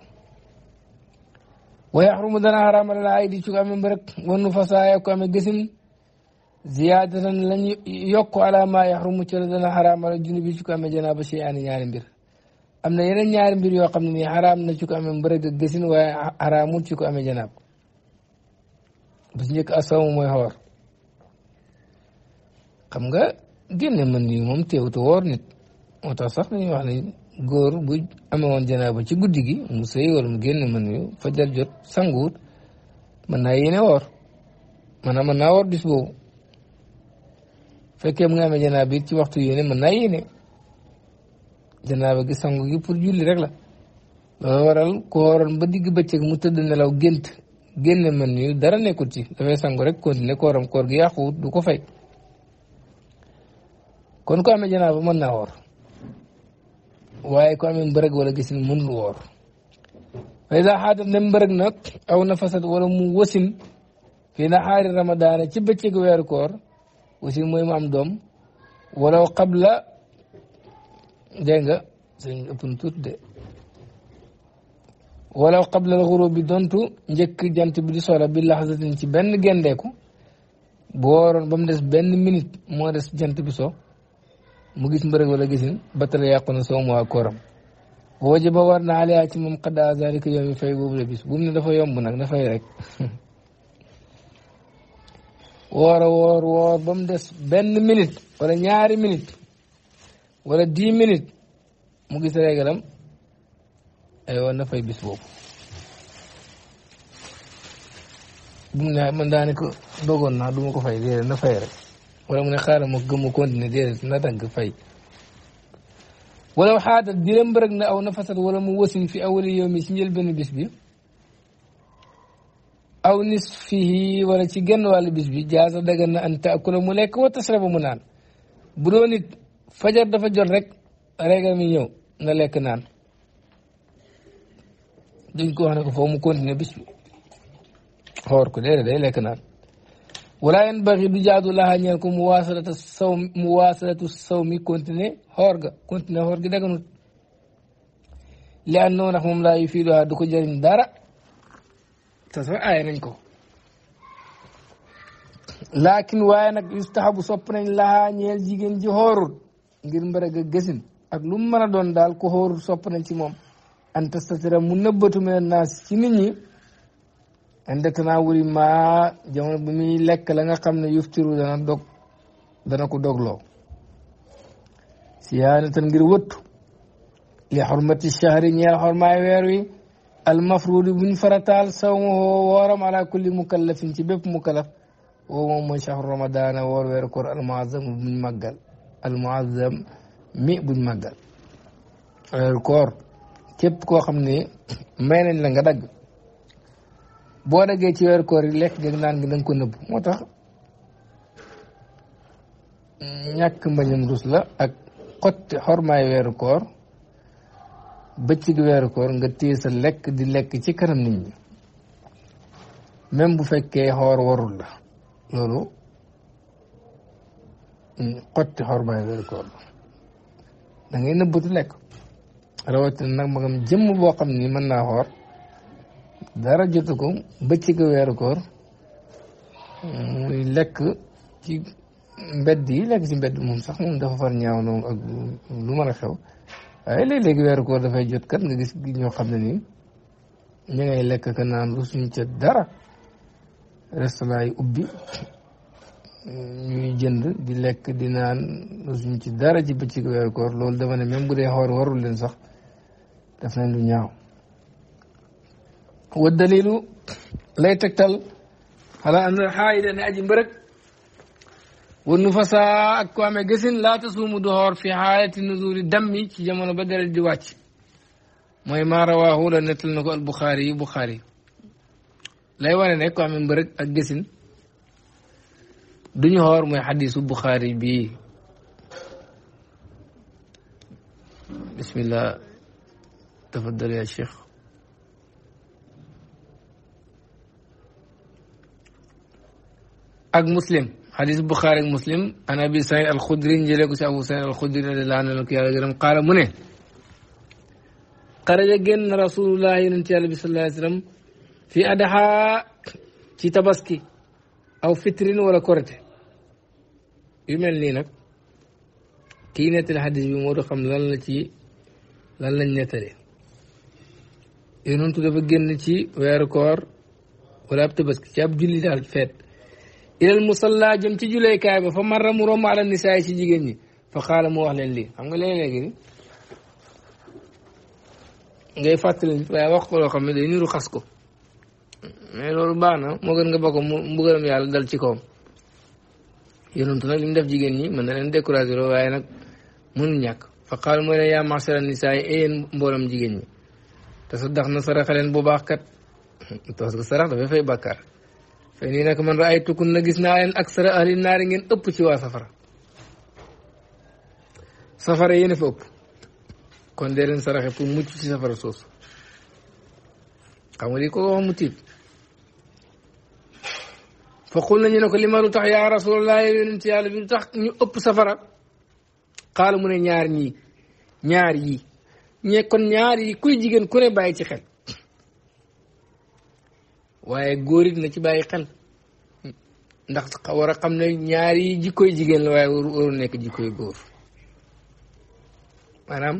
wa yaxrumu dana xaraamal la ay di cuk amee mbërëk wanu fasaaya ko amee ziyaadatan lañ yokk alama ma yaxrumu amee janaaba si ñaari mbir am na yeneen ñaari mbir yoo xam ne nii xaraam na ci ko amee mbërëk ak gësin waaye xaraamul ci amee janaab bu si njëkk asawmu mooy xoor xam nga génne mën nii moom teewutu woor nit moo tax sax dañuy góor bu amewoon janaaba ci guddi gi mu sëy wala mu génn mën yu fajar jot sanguwut mën naa yéene woor maanaam mën naa woor bis boobu fekkee mu nga amee janaaba it ci waxtu yéene mën naa yéene gi sangu gi pour julli rek la loolu waral ko ba digg bëccëg mu tëdd nelaw gént génn mën yu dara nekkul ci dafay sangu rek continuer kooram koor gi yàquwut du ko fay kon ko amee janaaba mën naa woor waaye ko amee mbërëg wala gisin mënul woor fay daa xaatat na mbërëg na aw nafasat wala mu wasin fii na xaari ramadaana ci bëccëg weeru koor wasin mooy mu am doom walaw qabla dégg nga sëñ ëpp na tuuti qabla al xurub bi dontu njëkk jant bi di sola bi laxasatin ci benn gendeeku bu wooroon ba mu des benn minute moo des jant bi so mu gis mbërëg wala gisin battale yàqu na soomu waa kooram waje ba war na aliyaa ci moom xaddaa zalika yoomi fay boobu bis bu mu ne dafa yomb nag na fay rek [laughs] woor woor woor ba mu des benn minute wala ñaari minute wala dix minutes mu gis régalam ay woon na fay bis boobu bu mu ne man daanaka dogoon naa du ko fay déedéet na fay rek wala mu ne xaaral ma gëm mu continuer déedéet na dagg fay wala xaatat diram bërëg na aw nafasat wala mu wasin fi awali yow mi ci njëlbenn bis bi aw nisfihi wala ci genn wàllu bis bi jaasa dagan na an taakula mu lekk wa tasraba mu naan bu doon fajar dafa jot rek régal mi ñëw na lekk naan duñ ko wax ne ko foofu mu continuer bis bi xoor ko déedéet day lekk naan wala yanbaghi du jaadu laha ñeel ko mu waasalatu saw mu waasalatu saw mi continuer xoor ga continuer xoor gi daganut moom lay yu fii du ko jëriñ dara te sax aay ko. laakin waaye nag yustahabu sopp nañ laha ñeel jigéen ji xoorul ngir mbërëg a gësin ak lu mu mën a doon daal ku xoorul sopp nañ ci moom an tastatira mu nëbbatu mel naas ci inda tanaawuri ma jamono bi muy lekk la nga xam ne yuftiru dana dog dana ko dogloo siyaanatan ngir wëttu li xormati shahri ñeel xormaay weer wi almafruudi buñ farataal sawmoo wooram ala kulli mukallafin ci bépp mukallaf woo moom mooy shahru ramadaana woor weeru koor almuazzam buñ màggal almuazzam mi buñ màggal weeru koor képp koo xam ne may nañ la nga dagg boo daggee ci weer yi lekk gëg naan gi da ko nëbb moo tax ñàkk mbañum rus la ak xotti xormaay weeru koor bëccëg weeru nga téye sa lekk di lekk ci kanam nit ñi même bu fekkee xoor warul la loolu xotti xormaay weeru koor la da ngay lekk rawatina nag magam jëmm boo xam ni mën naa xoor dara jotu ko bëccëgu weeru koor muy lekk ci mbedd yi lekk ci mbedd moom sax moom dafa far ñaaw ak lu mën a xew waaye léeg-léegi weeru koor dafay jot kat nga gis ñoo xam ne nii ñu ngay lekk ka naan lu suñ ca dara restaurant yi ubbi ñuy jënd di lekk di naan lu suñ ci dara ci bëccëgu weeru koor loolu dama ne même bu dee xoor warul leen sax daf nañ lu ñaaw والدليل lay tegtal ala anna xaayidan aji mbërëg wa nufasa ak ko amee gësin laa tasuumu du xoor fi xaalati nuzuli dammi ci jamono ba deret di wàcc mooy maa rawaahu la nettal na ko al buxaari yi buxaari lay wane ne ko amee mbërëg ak gësin duñu xoor mooy xadisu buxaari bii bismillah tafaddal ya cheikh اك مسلم حديث البخاري مسلم انا ابي سعيد الخدري جلك ابو سعيد الخدري رضي الله عنه يا غرام قال من خرج جن رسول الله ينتهي النبي صلى الله عليه وسلم في ادحى في تبسكي او فترين ولا كرت يمل لي نك كينت الحديث بمور خم لان لا تي لان لا نيتري ينون تو دا فا ген ولا تبسكي تي اب جولي دال ilal musalla jëm ci juleekaay ba fa mara mu romb ala nisaay ci jigéen ñi fa xaala mu wax leen lii xam nga léeg-léegi ngay fàttali waaye wax ko loo xam ne day niru xas ko mais loolu baax na moo gën nga bokk mu yàlla dal ci kawam yonentu nag li def jigéen ñi mën na leen découragé waaye nag mënul ñàkk fa xaala mooy leen yaa masara nisaa yi yéen mboolam jigéen ñi te sa dax na saraxa leen bu baax kat parce sarax dafay fay bàkkaar te nii nag man ay tukkun na gis naa leen aksara ahli naari ngeen ëpp ci waa safara safara yéen a fa kon dee leen saraxe pour mucc safara soosu xam nga lii ko wax mu tiit fa xul nañu ne ko li ma lu tax yaa rasulallah yonent yàlla bi lu ñu ëpp safara xaala mu ne ñaar ñii ñaari yi ñee kon ñaar yi kuy jigeen ku ne bàyyi ci xel waaye góor it na ci bàyyi xel ndax war a xam ne ñaar yi jikkoy jigéen la waaye waru nekk jikkoy góor maanaam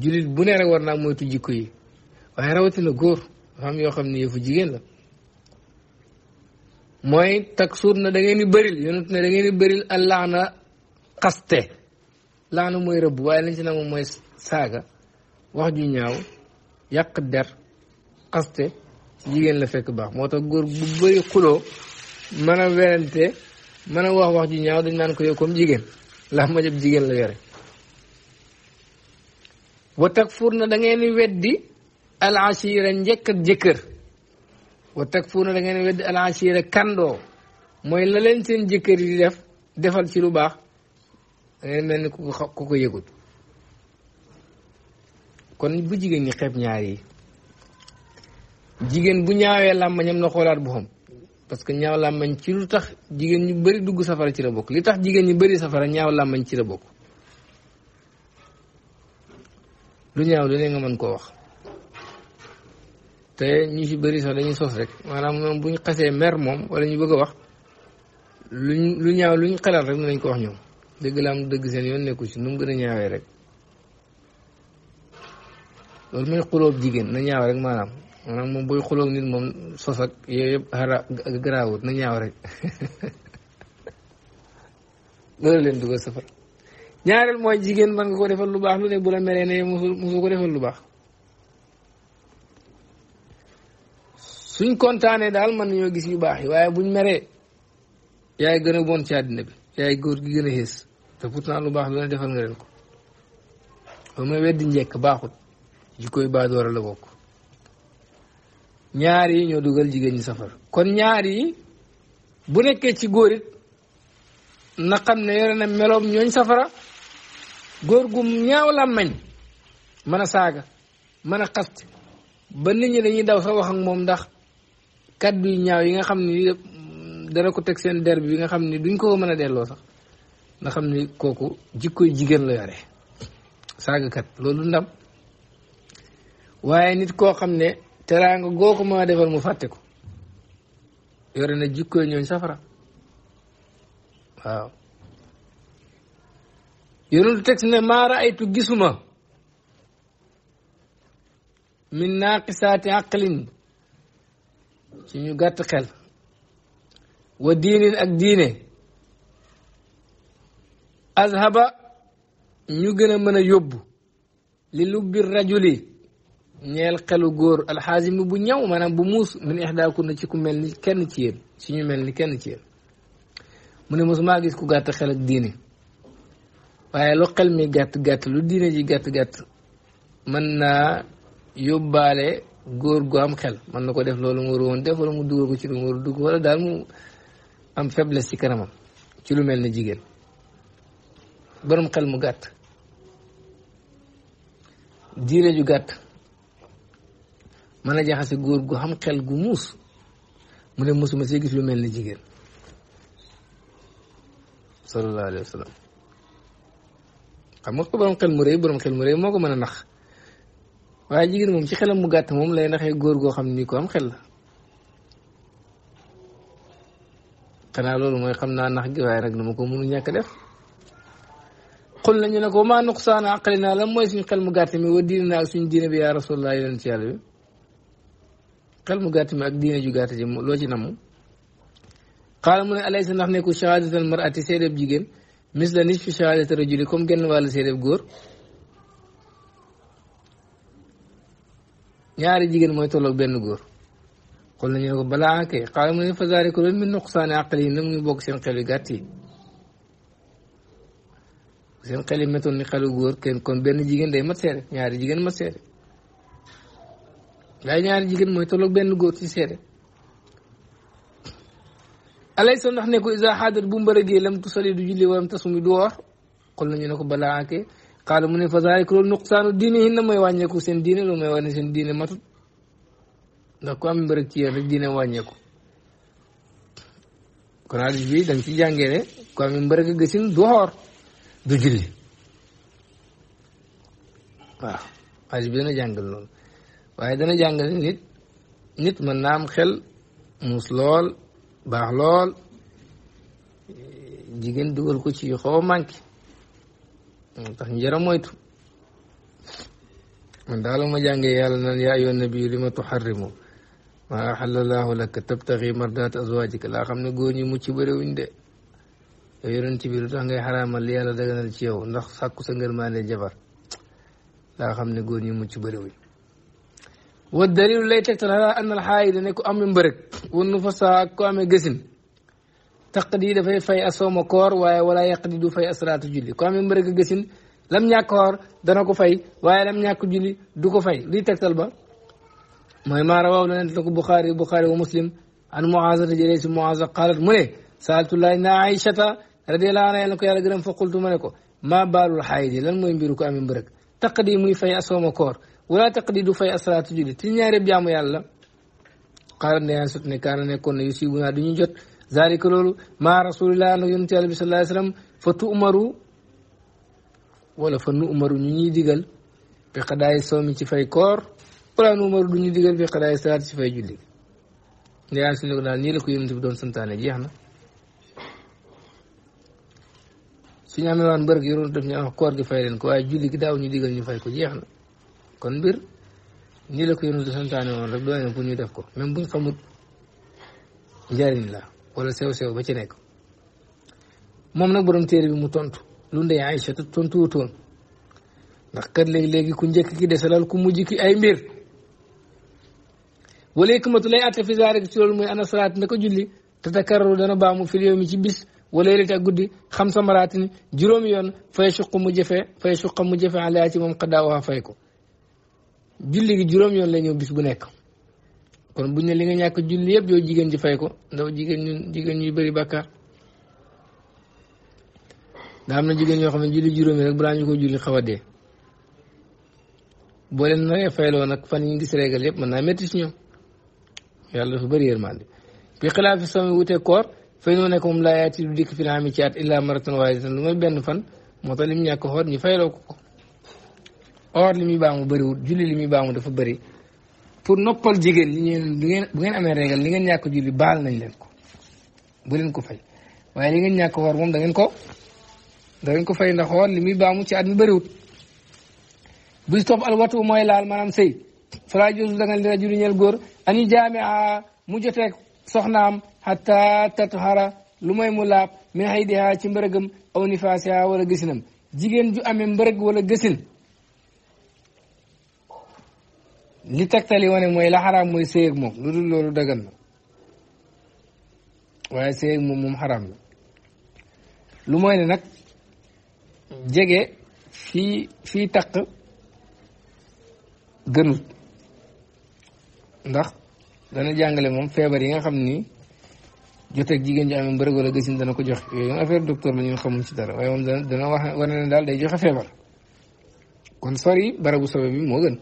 jullit bu ne war naa jikko yi waaye rawatina góor dafa yoo xam ni yëfu jigéen la mooy tak suur na da ngeen di bëril yonent ne da ngeen di bëril al laana xaste laana mooy rëbb waaye lañ ci na moom mooy saaga wax ju ñaaw yàq der xaste jigéen la fekk baax moo tax góor bu bëri xuloo mën a werante mën a wax wax ju ñaaw dañ naan ko yow comme jigéen la ma jigéen la yore wa takfurna da ngeen di weddi al ashira njëkk ak jëkkër wa takfurna da ngeen di weddi al ashira mooy la leen seen jëkkër yi di def defal ci lu baax da mel ni ku ko ku ko yëgut kon bu jigéen ñi xeeb ñaar yi jigéen bu ñaawee làmbañam na xoolaat bu xam parce que ñaaw làmmañ ci lu tax jigéen ñu bëri dugg safara ci la bokk li tax jigéen ñu bëri safara ñaaw làmmañ ci la bokk lu ñaaw lu ne nga mën koo wax te ñu ci bari sax dañuy sos rek maanaam moom bu ñu xasee mer moom wala ñu bëgg a wax luñ lu ñaaw luñ xalaat rek lañ ko wax ñoom dëgg la am dëgg seen yoon nekku ci nu mu gën a ñaawee rek loolu mooy xulóob jigéen na ñaaw rek maanaam maanaam moom buy xuloog nit moom sos ak yooyu yëpp xara garaawut na ñaaw rek [laughs] loolu leen dugal safar ñaareel mooy jigéen mën nga ko defal lu baax lu ne bu la meree ne musu musu ko defal lu baax suñ kontaanee daal mën nañoo gis yu baax yi waaye buñ meree yaay gën a bon ci àddina bi yaay góor gi gën a xées te pourtant lu baax lu ne defal nga leen ko loolu mooy weddi njekk baaxut ji koy baadoora la bokk ñaar yi ñoo dugal jigéen ñi safar kon ñaar bu nekkee ci góor it na xam ne yore na meloom ñooñ safara góor gu ñaaw làmmañ mën a saaga mën a xast ba nit ñi dañuy daw sa wax moom ndax kat yu ñaaw yi nga xam ni dana ko teg seen der bi nga xam ne duñ koo mën a delloo sax na xam ne kooku jikkoy jigéen la yore saagakat loolu ndam waaye nit koo xam ne teraanga goo ko defal mu fàtte ko yore na jikkooy ñooñ safara waaw na teg si ne maa raaytu gisuma min naaqisaati aqlin ci ñu gàtt xel wa diinin ak diine azhaba ñu gën a mën a yóbbu li lubbi rajuli ñeel xelu góor alxaasimi bu ñaw maanaam bu muus min na ci ku mel ni kenn ci yéen suñu mel ni kenn ci mu ne ma gis ku gàtt xel ak diine waaye lu xel mi gàtt gàtt lu diine ji gàtt gàtt mën naa yóbbaale góor gu am xel mën na ko def loolu mu def mu dugal ci lu dugg wala daal mu am faiblesse ci kanamam ci lu mel ni jigéen borom xel mu gàtt diine ju gàtt mën a jaxase góor gu xam xel gu muus mu ne mosuma see gis lu mel ni jigéen sallallahu alayhi wa sallam xam nga ko borom xel mu rëy borom xel mu rëy moo ko mën a nax waaye jigéen moom ci xelam mu gàtt moom lay naxee góor goo xam ni ko am xel la xanaa loolu mooy xam naa nax gi waaye nag nu ma ko mënu ñàkk def xul nañu ne ko maa nuqsaana aqli naa lan mooy suñu xel mu gàtt mi wa diine naa ak suñu diine bi yaa rasulallah yonent ci yàlla bi xel mu gàtt mi ak diine ju gàtt ji loo ci namm xaala mu ne alaysa ndax nekku shahadatal mar'ati seedeeb jigéen mis la nisfi shahadati rajuli comme genn wàllu seedeeb góor ñaari jigéen mooy tolloog benn góor xool nañu ne ko balaa kay xaala mu ne fasaare ko loolu min nuqsaani àqal yi nag ñu bokk seen xel yu gàtt yi seen xel yi metoon ni xelu góor kenn kon benn jigéen day mat seede ñaari jigéen mat seede waaye ñaari jigéen mooy tolloog benn góor ci seede alay sa ko isa xaadat bu mbërëgee lam tu sali du julli waram tasumi du woor xol nañu ne ko balaa ake xaala mu ne fa zaalik loolu nuqsaanu diine hin na mooy seen diine loolu mooy wàññe diine matut ndax ku am wàññeeku kon hadis bi da ci jàngee ne ku am mbërëg gësin du xoor du julli waaw hadis bi dana jàngal loolu waaye dana jàngale nit nit mën naa xel muus lool baax lool jigéen dugal ko ci xaw a manqué tax ñu jara moytu man daala ma jàngee yàlla naan yaa ayyuhan nabiyyu lima tuharrimu maa ahalla llaahu laka tabtaxi mardaat azwaajika laa xam ne góor ñi mucc bëriwuñ de yow yonent biiru lu tax ngay xaraamal li yàlla ci yow ndax sàkku sa ngërmaande jabar laa xam ne góor ñi mucc bëriwuñ والدليل اللي تكتل هذا أن الحائد أن يكون أمن برك والنفس أكون قسم تقديد في في أسوم كور ولا يقديد في أسرة جلي كامن برك قسم لم يكور دنكو في ولم يكو جلي دكو في لي تكتل با ما يمارو ولا نتلقو بخاري بخاري ومسلم عن معاذ رجليس معاذ قالت مني سألت الله إن عائشة رضي الله عنها أنك يا فقلت منكو ما بال الحائد لن يمبرك أمن برك تقديم في أسوم كور wala taqdi du fay asalaatu julli ci ñaari jaamu yàlla xaaral ne sut ne kaana nekkoon na yu si bu naa du ñu jot zalika loolu maa rasulillah na yonent yàlla bi sallallahu alayhi wasallam fa tu'maru nu umaru ñu bi xadaay soomi ci fay koor wala nu umaru du ñu digal bi xadaay salaat ci fay julli ndeyaan su ne ko daal nii la ko yonent bi doon santaane jeex na suñu amee waan mbërëg yoroon def ñu wax koor gi fay leen ko waaye julli gi daaw ñu digal ñu fay ko jeex na kon mbir nii la ko yéen a santaane woon rek doy na pour ñu def ko même buñ xamut njariñ la wala sew-sew ba ci nekk moom nag borom téere bi mu tont lu ndey Aïcha te tontu wutoon ndax kat léegi-léegi ku njëkk ki desalal ku mujj ki ay mbir wala yëkkamatu lay atte fi zaare ci loolu muy ana salaat na julli te takarru dana baamu fil ci bis wala yële ak guddi xam sa maraatini juróomi yoon fay suq mu jëfe fay suqa mu jëfe alaa ci moom julli gi juróom yoon lay ñëw bis bu nekk kon buñ ne li nga ñàkk julli yëpp yow jigéen ji fay ko ndaw jigéen ñu jigéen ñuy bari bàkkaar daa am na jigéen ñoo xam ne julli juróomi rek balaa ñu ko julli xaw a dee boo leen naree fayloo nag fan yi gis régal yëpp mën naa métti si ñoom yàlla dafa bëri yërmande bi xilaaf fi sami wutee koor fay noo nekk moom laa yaati du dikk fi la ami ci at illaa maratan waaye tan lu may benn fan moo tax lim ñàkk xoot ñu fayloo ko or li muy baamu bëriwul julli li muy baamu dafa bëri pour noppal jigéen ñi ñeen ngeen bu ngeen amee régal li ngeen ñàkk julli baal nañ leen ko bu leen ko fay waaye li ngeen ñàkk war moom da ngeen ko da ko fay ndax woor li muy mu ci at mi bëriwut bu si topp alwatu mooy laal am sëy falaa juus da nga li rajuli ñeel góor ani jaamia mu joteeg soxnaam xata tatxara lu may mu laab min xaydiha ci mbërëgam aw nifaasiha wala gësinam jigéen ju amee mbërëg wala gësin li tegtali wane mooy la xaraam mooy sëy ak moom lu dul loolu dagan na waaye sëy moom moom xaraam la lu mooy ne nag jege fii fii taq gënut ndax dana jàngale moom feebar yi nga xam ni joteeg jigéen ji amee mbërëg wala gësin dana ko joxe yooyu affaire docteur la ñun xamuñ ci dara waaye moom dana wax war ne daal day joxe feebar kon sori barabu sobe bi moo gën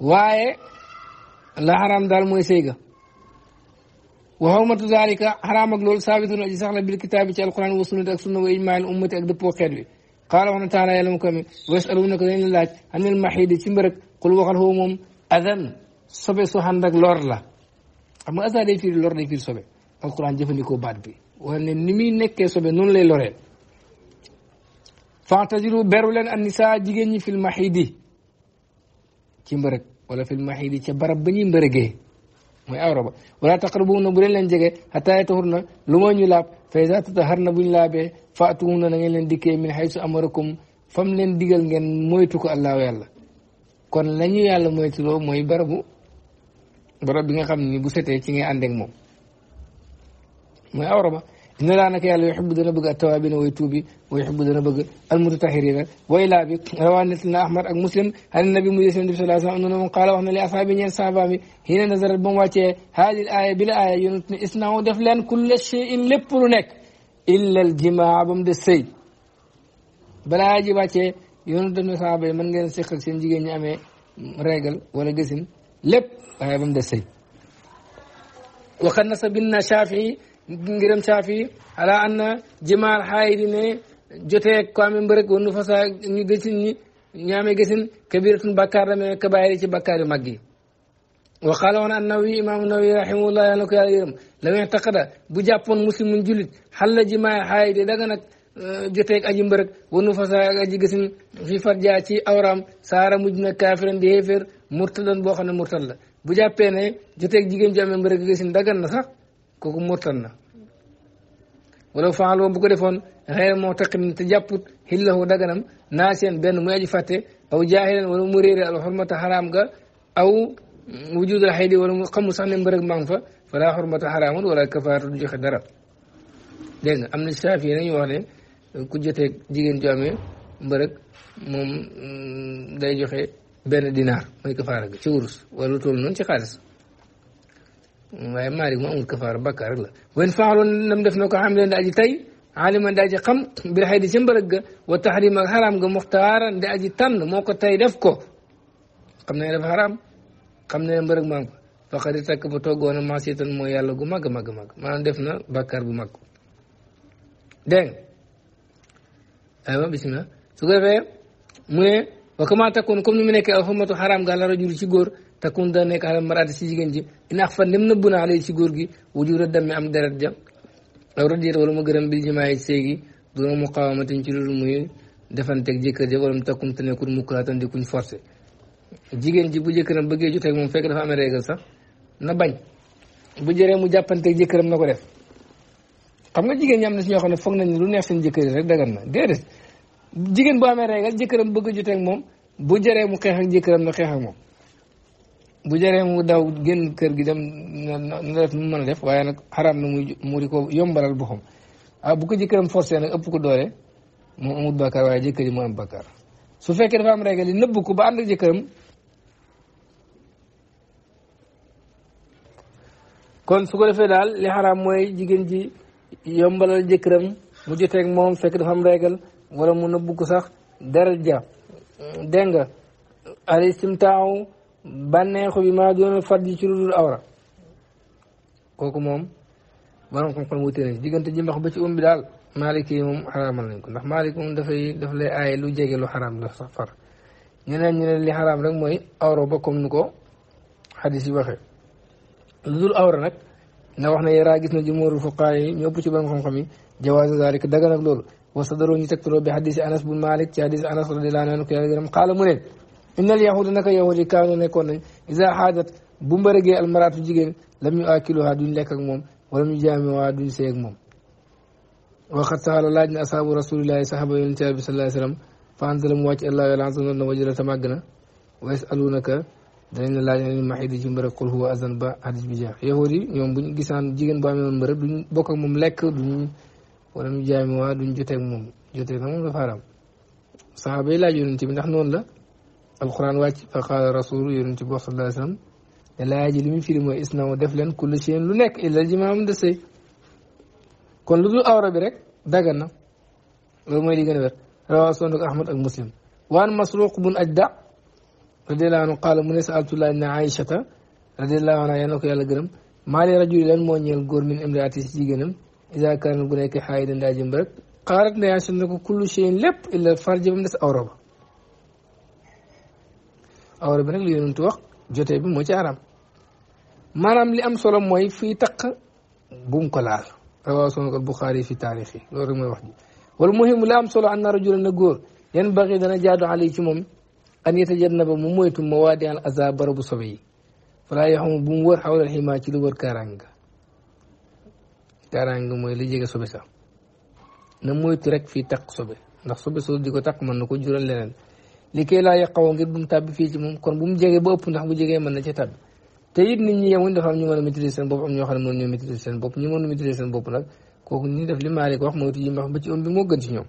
waaye la xaraam daal mooy sëy ga wa xawmatu dalika xaraam ak loolu saabitun aji la bil ci alquran wa sunnati ak sunna wa ijmail ummati ak dëppoo xeet wi qaala wax na taala yàlla mu ko mi wasalunaka dañ la maxiidi ci mbërëg xul waxal foofu moom adan sobe su ànd ak lor la xam nga i day firi lor day firi baat bi wala ne ni sobe noonu lay loree fantasiru beru leen an nisaa jigéen maxiidi ci mbërëg wala fil di ca barab ba ñuy mbërëgee mooy awra ba wala taqrabuuna bu leen leen jege xataa na lu mooy ñu laab fa iza tataharna bu ñu laabee faatuuna na ngeen leen dikkee min xaysu amarakum fam leen digal ngeen moytu ko allahu yàlla kon la ñu yàlla moytuloo mooy barabu barab bi nga xam ni bu setee ci ngay àndeeg moom mooy awra نلانك يا الله يحب ذنبك التوابين ويتوبي ويحب ذنبك المتطهرين ويلا بك رواه نسلنا احمد اك مسلم هل النبي موسى صلى الله عليه وسلم قال وحنا لاصحابي نين صحابي هنا نزل بن هذه الايه بلا ايه يونتني اسنعوا دفلان كل شيء لب نك الا الجماع بم دسي بلا اجي واتي يونتني صحابي من غير سيخل سنجي امي ريغل ولا جسم لب ايه بم دسي وقد نصب الشافعي ngirëm saafi ala anna jimaal xaayidi ne joteeg ko amee mbërëg wanu fasaa ñu gësin ñi ñaamee gësin kabiratun bakkaar la mais ci bakkaar yu mag yi wa qaala woon annawi imaamu nawawi rahimahullah yàlla na ko yàlla yërëm la may taqada bu jàppoon muslimun julit xalla jimaal xaayidi daga nag euh, joteeg aji mbërëg wanu fasaa aji gësin fi farja ci awraam saara mujj na kaafiran di xéeféer murtadan boo xam ne murtal la bu jàppee ne joteeg jigéen ju amee mbërëg gësin dagan na sax kooku murtan la wala faalo bu ko defoon xëy moo taqmin te jàpput xillahu daganam naa seen benn muy aji fàtte aw jaahilan wala mu réere al xurmata xaraam ga aw wujudal xaydi wala mu xamul sax ne mbërëg maa ngi fa fala xurmata xaraamun wala kafaaratu du joxe dara dégg nga am na saaf yi nañu wax ne ku jotee jigéen ju amee mbërëg moom day joxe benn dinaar mooy kafaara ga ci wurus wala lu toll noonu ci xaalis waaye maalik mu amul kafaara bakkaar rek la wen faaloon na ko xam leen da aji tay aaliman da aji xam bir wa tahrim ak xaraam ga muxtaaran da aji moo ko tay def ko xam ne dafa xaraam xam ne mbërëg maa ngi ko faqad ba toggoon maasitan mooy yàlla gu mag a mag a def na bakkaar bu mag dégg aywa bismillah su wa kama takkoon comme ni mu nekkee aw xamatu xaraam ci góor takun da nekk alal maraati si jigéen ji inaax fan lim nëbbu naa lay si góor gi wujur a demee am deret ja aw radiet wala mu gërëm bil jimaa yi séegi du na mu xawamatin ci loolu muy defanteeg jëkkër ja wala mu takkum te nekkul mukkaatan di kuñ forcé jigéen ji bu jëkkëram bëggee jotee moom fekk dafa amee régal sax na bañ bu jëree mu jàppanteeg jëkkëram na ko def xam nga jigéen ñi am na si ñoo xam ne foog nañ lu neex seen jëkkër yi rek dagan na déedéet jigéen bu amee régal jëkkëram bëgg a jotee ak moom bu jëree mu xeex ak jëkkëram na xeex moom bu jëree mu daw génn kër gi dem na def mu mën a def waaye nag na muy mu di ko yombalal boppam ah bu ko jëkkëram forcé nag ëpp ko doole moom amul bakkaar waaye jëkkër ji su fekkee dafa am régal yi nëbb ko ba ànd su ko defee daal li xaraam mooy jigéen ji yombalal jëkkëram mu joteeg moom fekk dafa am régal wala mu nëbb sax dara ja dégg nga bànneexu bi maa doon far ji ci lu dul awra kooku moom borom xam-xam wute nañ diggante jimbax ba ci um bi daal maalik yi moom xaraamal nañ ko ndax maalik dafay daf lay lu jege lu xaraam la sax far ñeneen ñu li xaraam rek mooy awra ba comme nu ko xadis yi waxee lu dul awra nag na wax na na jumóoru fuqaa yi ñu ci borom xam-xam yi jawaaza zalik daga nag loolu wastadaro ñu tegtaloo bi xadisi anas bu maalik ci xadisi anas radiyallaahu anhu ko yàlla gërëm xaala mu inna al yahuda naka yahudi kaanu nekkoon nañ isa xaadat bu mbërëgee almaraatu jigéen lam yu akiluha duñ lekk ak moom wala ñu jaamiwaa duñ sey ak moom waxat saala laaj na asaabu rasulillahi saxaaba yonente bi sallallahu alayhi wasallam fa anzala mu wàcc allah yàlla anzal na wajëla ta màgg na wa yasalunaka danañ la laaj anil maxidi ci mbërëg qul huwa azan ba hadis bi jeex yahudi yi ñoom buñ gisaan jigéen bu amee woon mbërëg duñ bokk ak moom lekk duñ wala ñu jaamiwaa duñ joteeg moom joteeg na moom dafa araam saxaaba yi laaj yonente bi ndax noonu la القرآن واجي فقال رسول يرنتي بوخ صلى الله عليه وسلم لا يجي لمن في رمو إسنام ودفلن كل شيء لنك إلا الجماعة من دسي كون لدو أورا برك دقنا لو مالي قنبر رواه صندوق أحمد المسلم وان مسروق بن أجدع رضي الله عنه قال من سألت الله إن عائشة رضي الله عنه ينوك يا لقرم ما لي رجل لن مو نيل غور من امرأتي سيجنم إذا كان لقنيك حايدا دا جنبرك قالت نيا صندوق كل شيء لب إلا الفرج من دس أوروبا awra bi nag li yonentu wax jotee bi moo ci aram maanaam li am solo mooy fii taq bum ko laal rawaa sunan al buxaari fi taarix yi loolu rek mooy wax ji wal muhimu la am solo an na rajulan na góor yan baxi dana jaadu ali ci moom an yatajannaba mu moytu mawaadi al aza barabu sobe yi falaa yaxumu bu mu wër xawla al ximaa ci lu wër kaaraanga kaaraanga mooy li jege sobe sax na moytu rek fii taq sobe ndax sobe soo di ko taq mën na ko jural leneen li kay laa yàqawoo ngir bu mu tàbbi fii ci moom kon bu mu jegee ba ëpp ndax bu jegee mën na ci tàbbi te it nit ñi yemuñ dafa am ñu mën a maîtriser bopp am ñoo xam ne mën ñoo maîtriser bopp ñu mën a maîtriser seen bopp nag kooku ni def li Maalik wax mooy tuji mbax ba ci ëm bi moo gën ci ñoom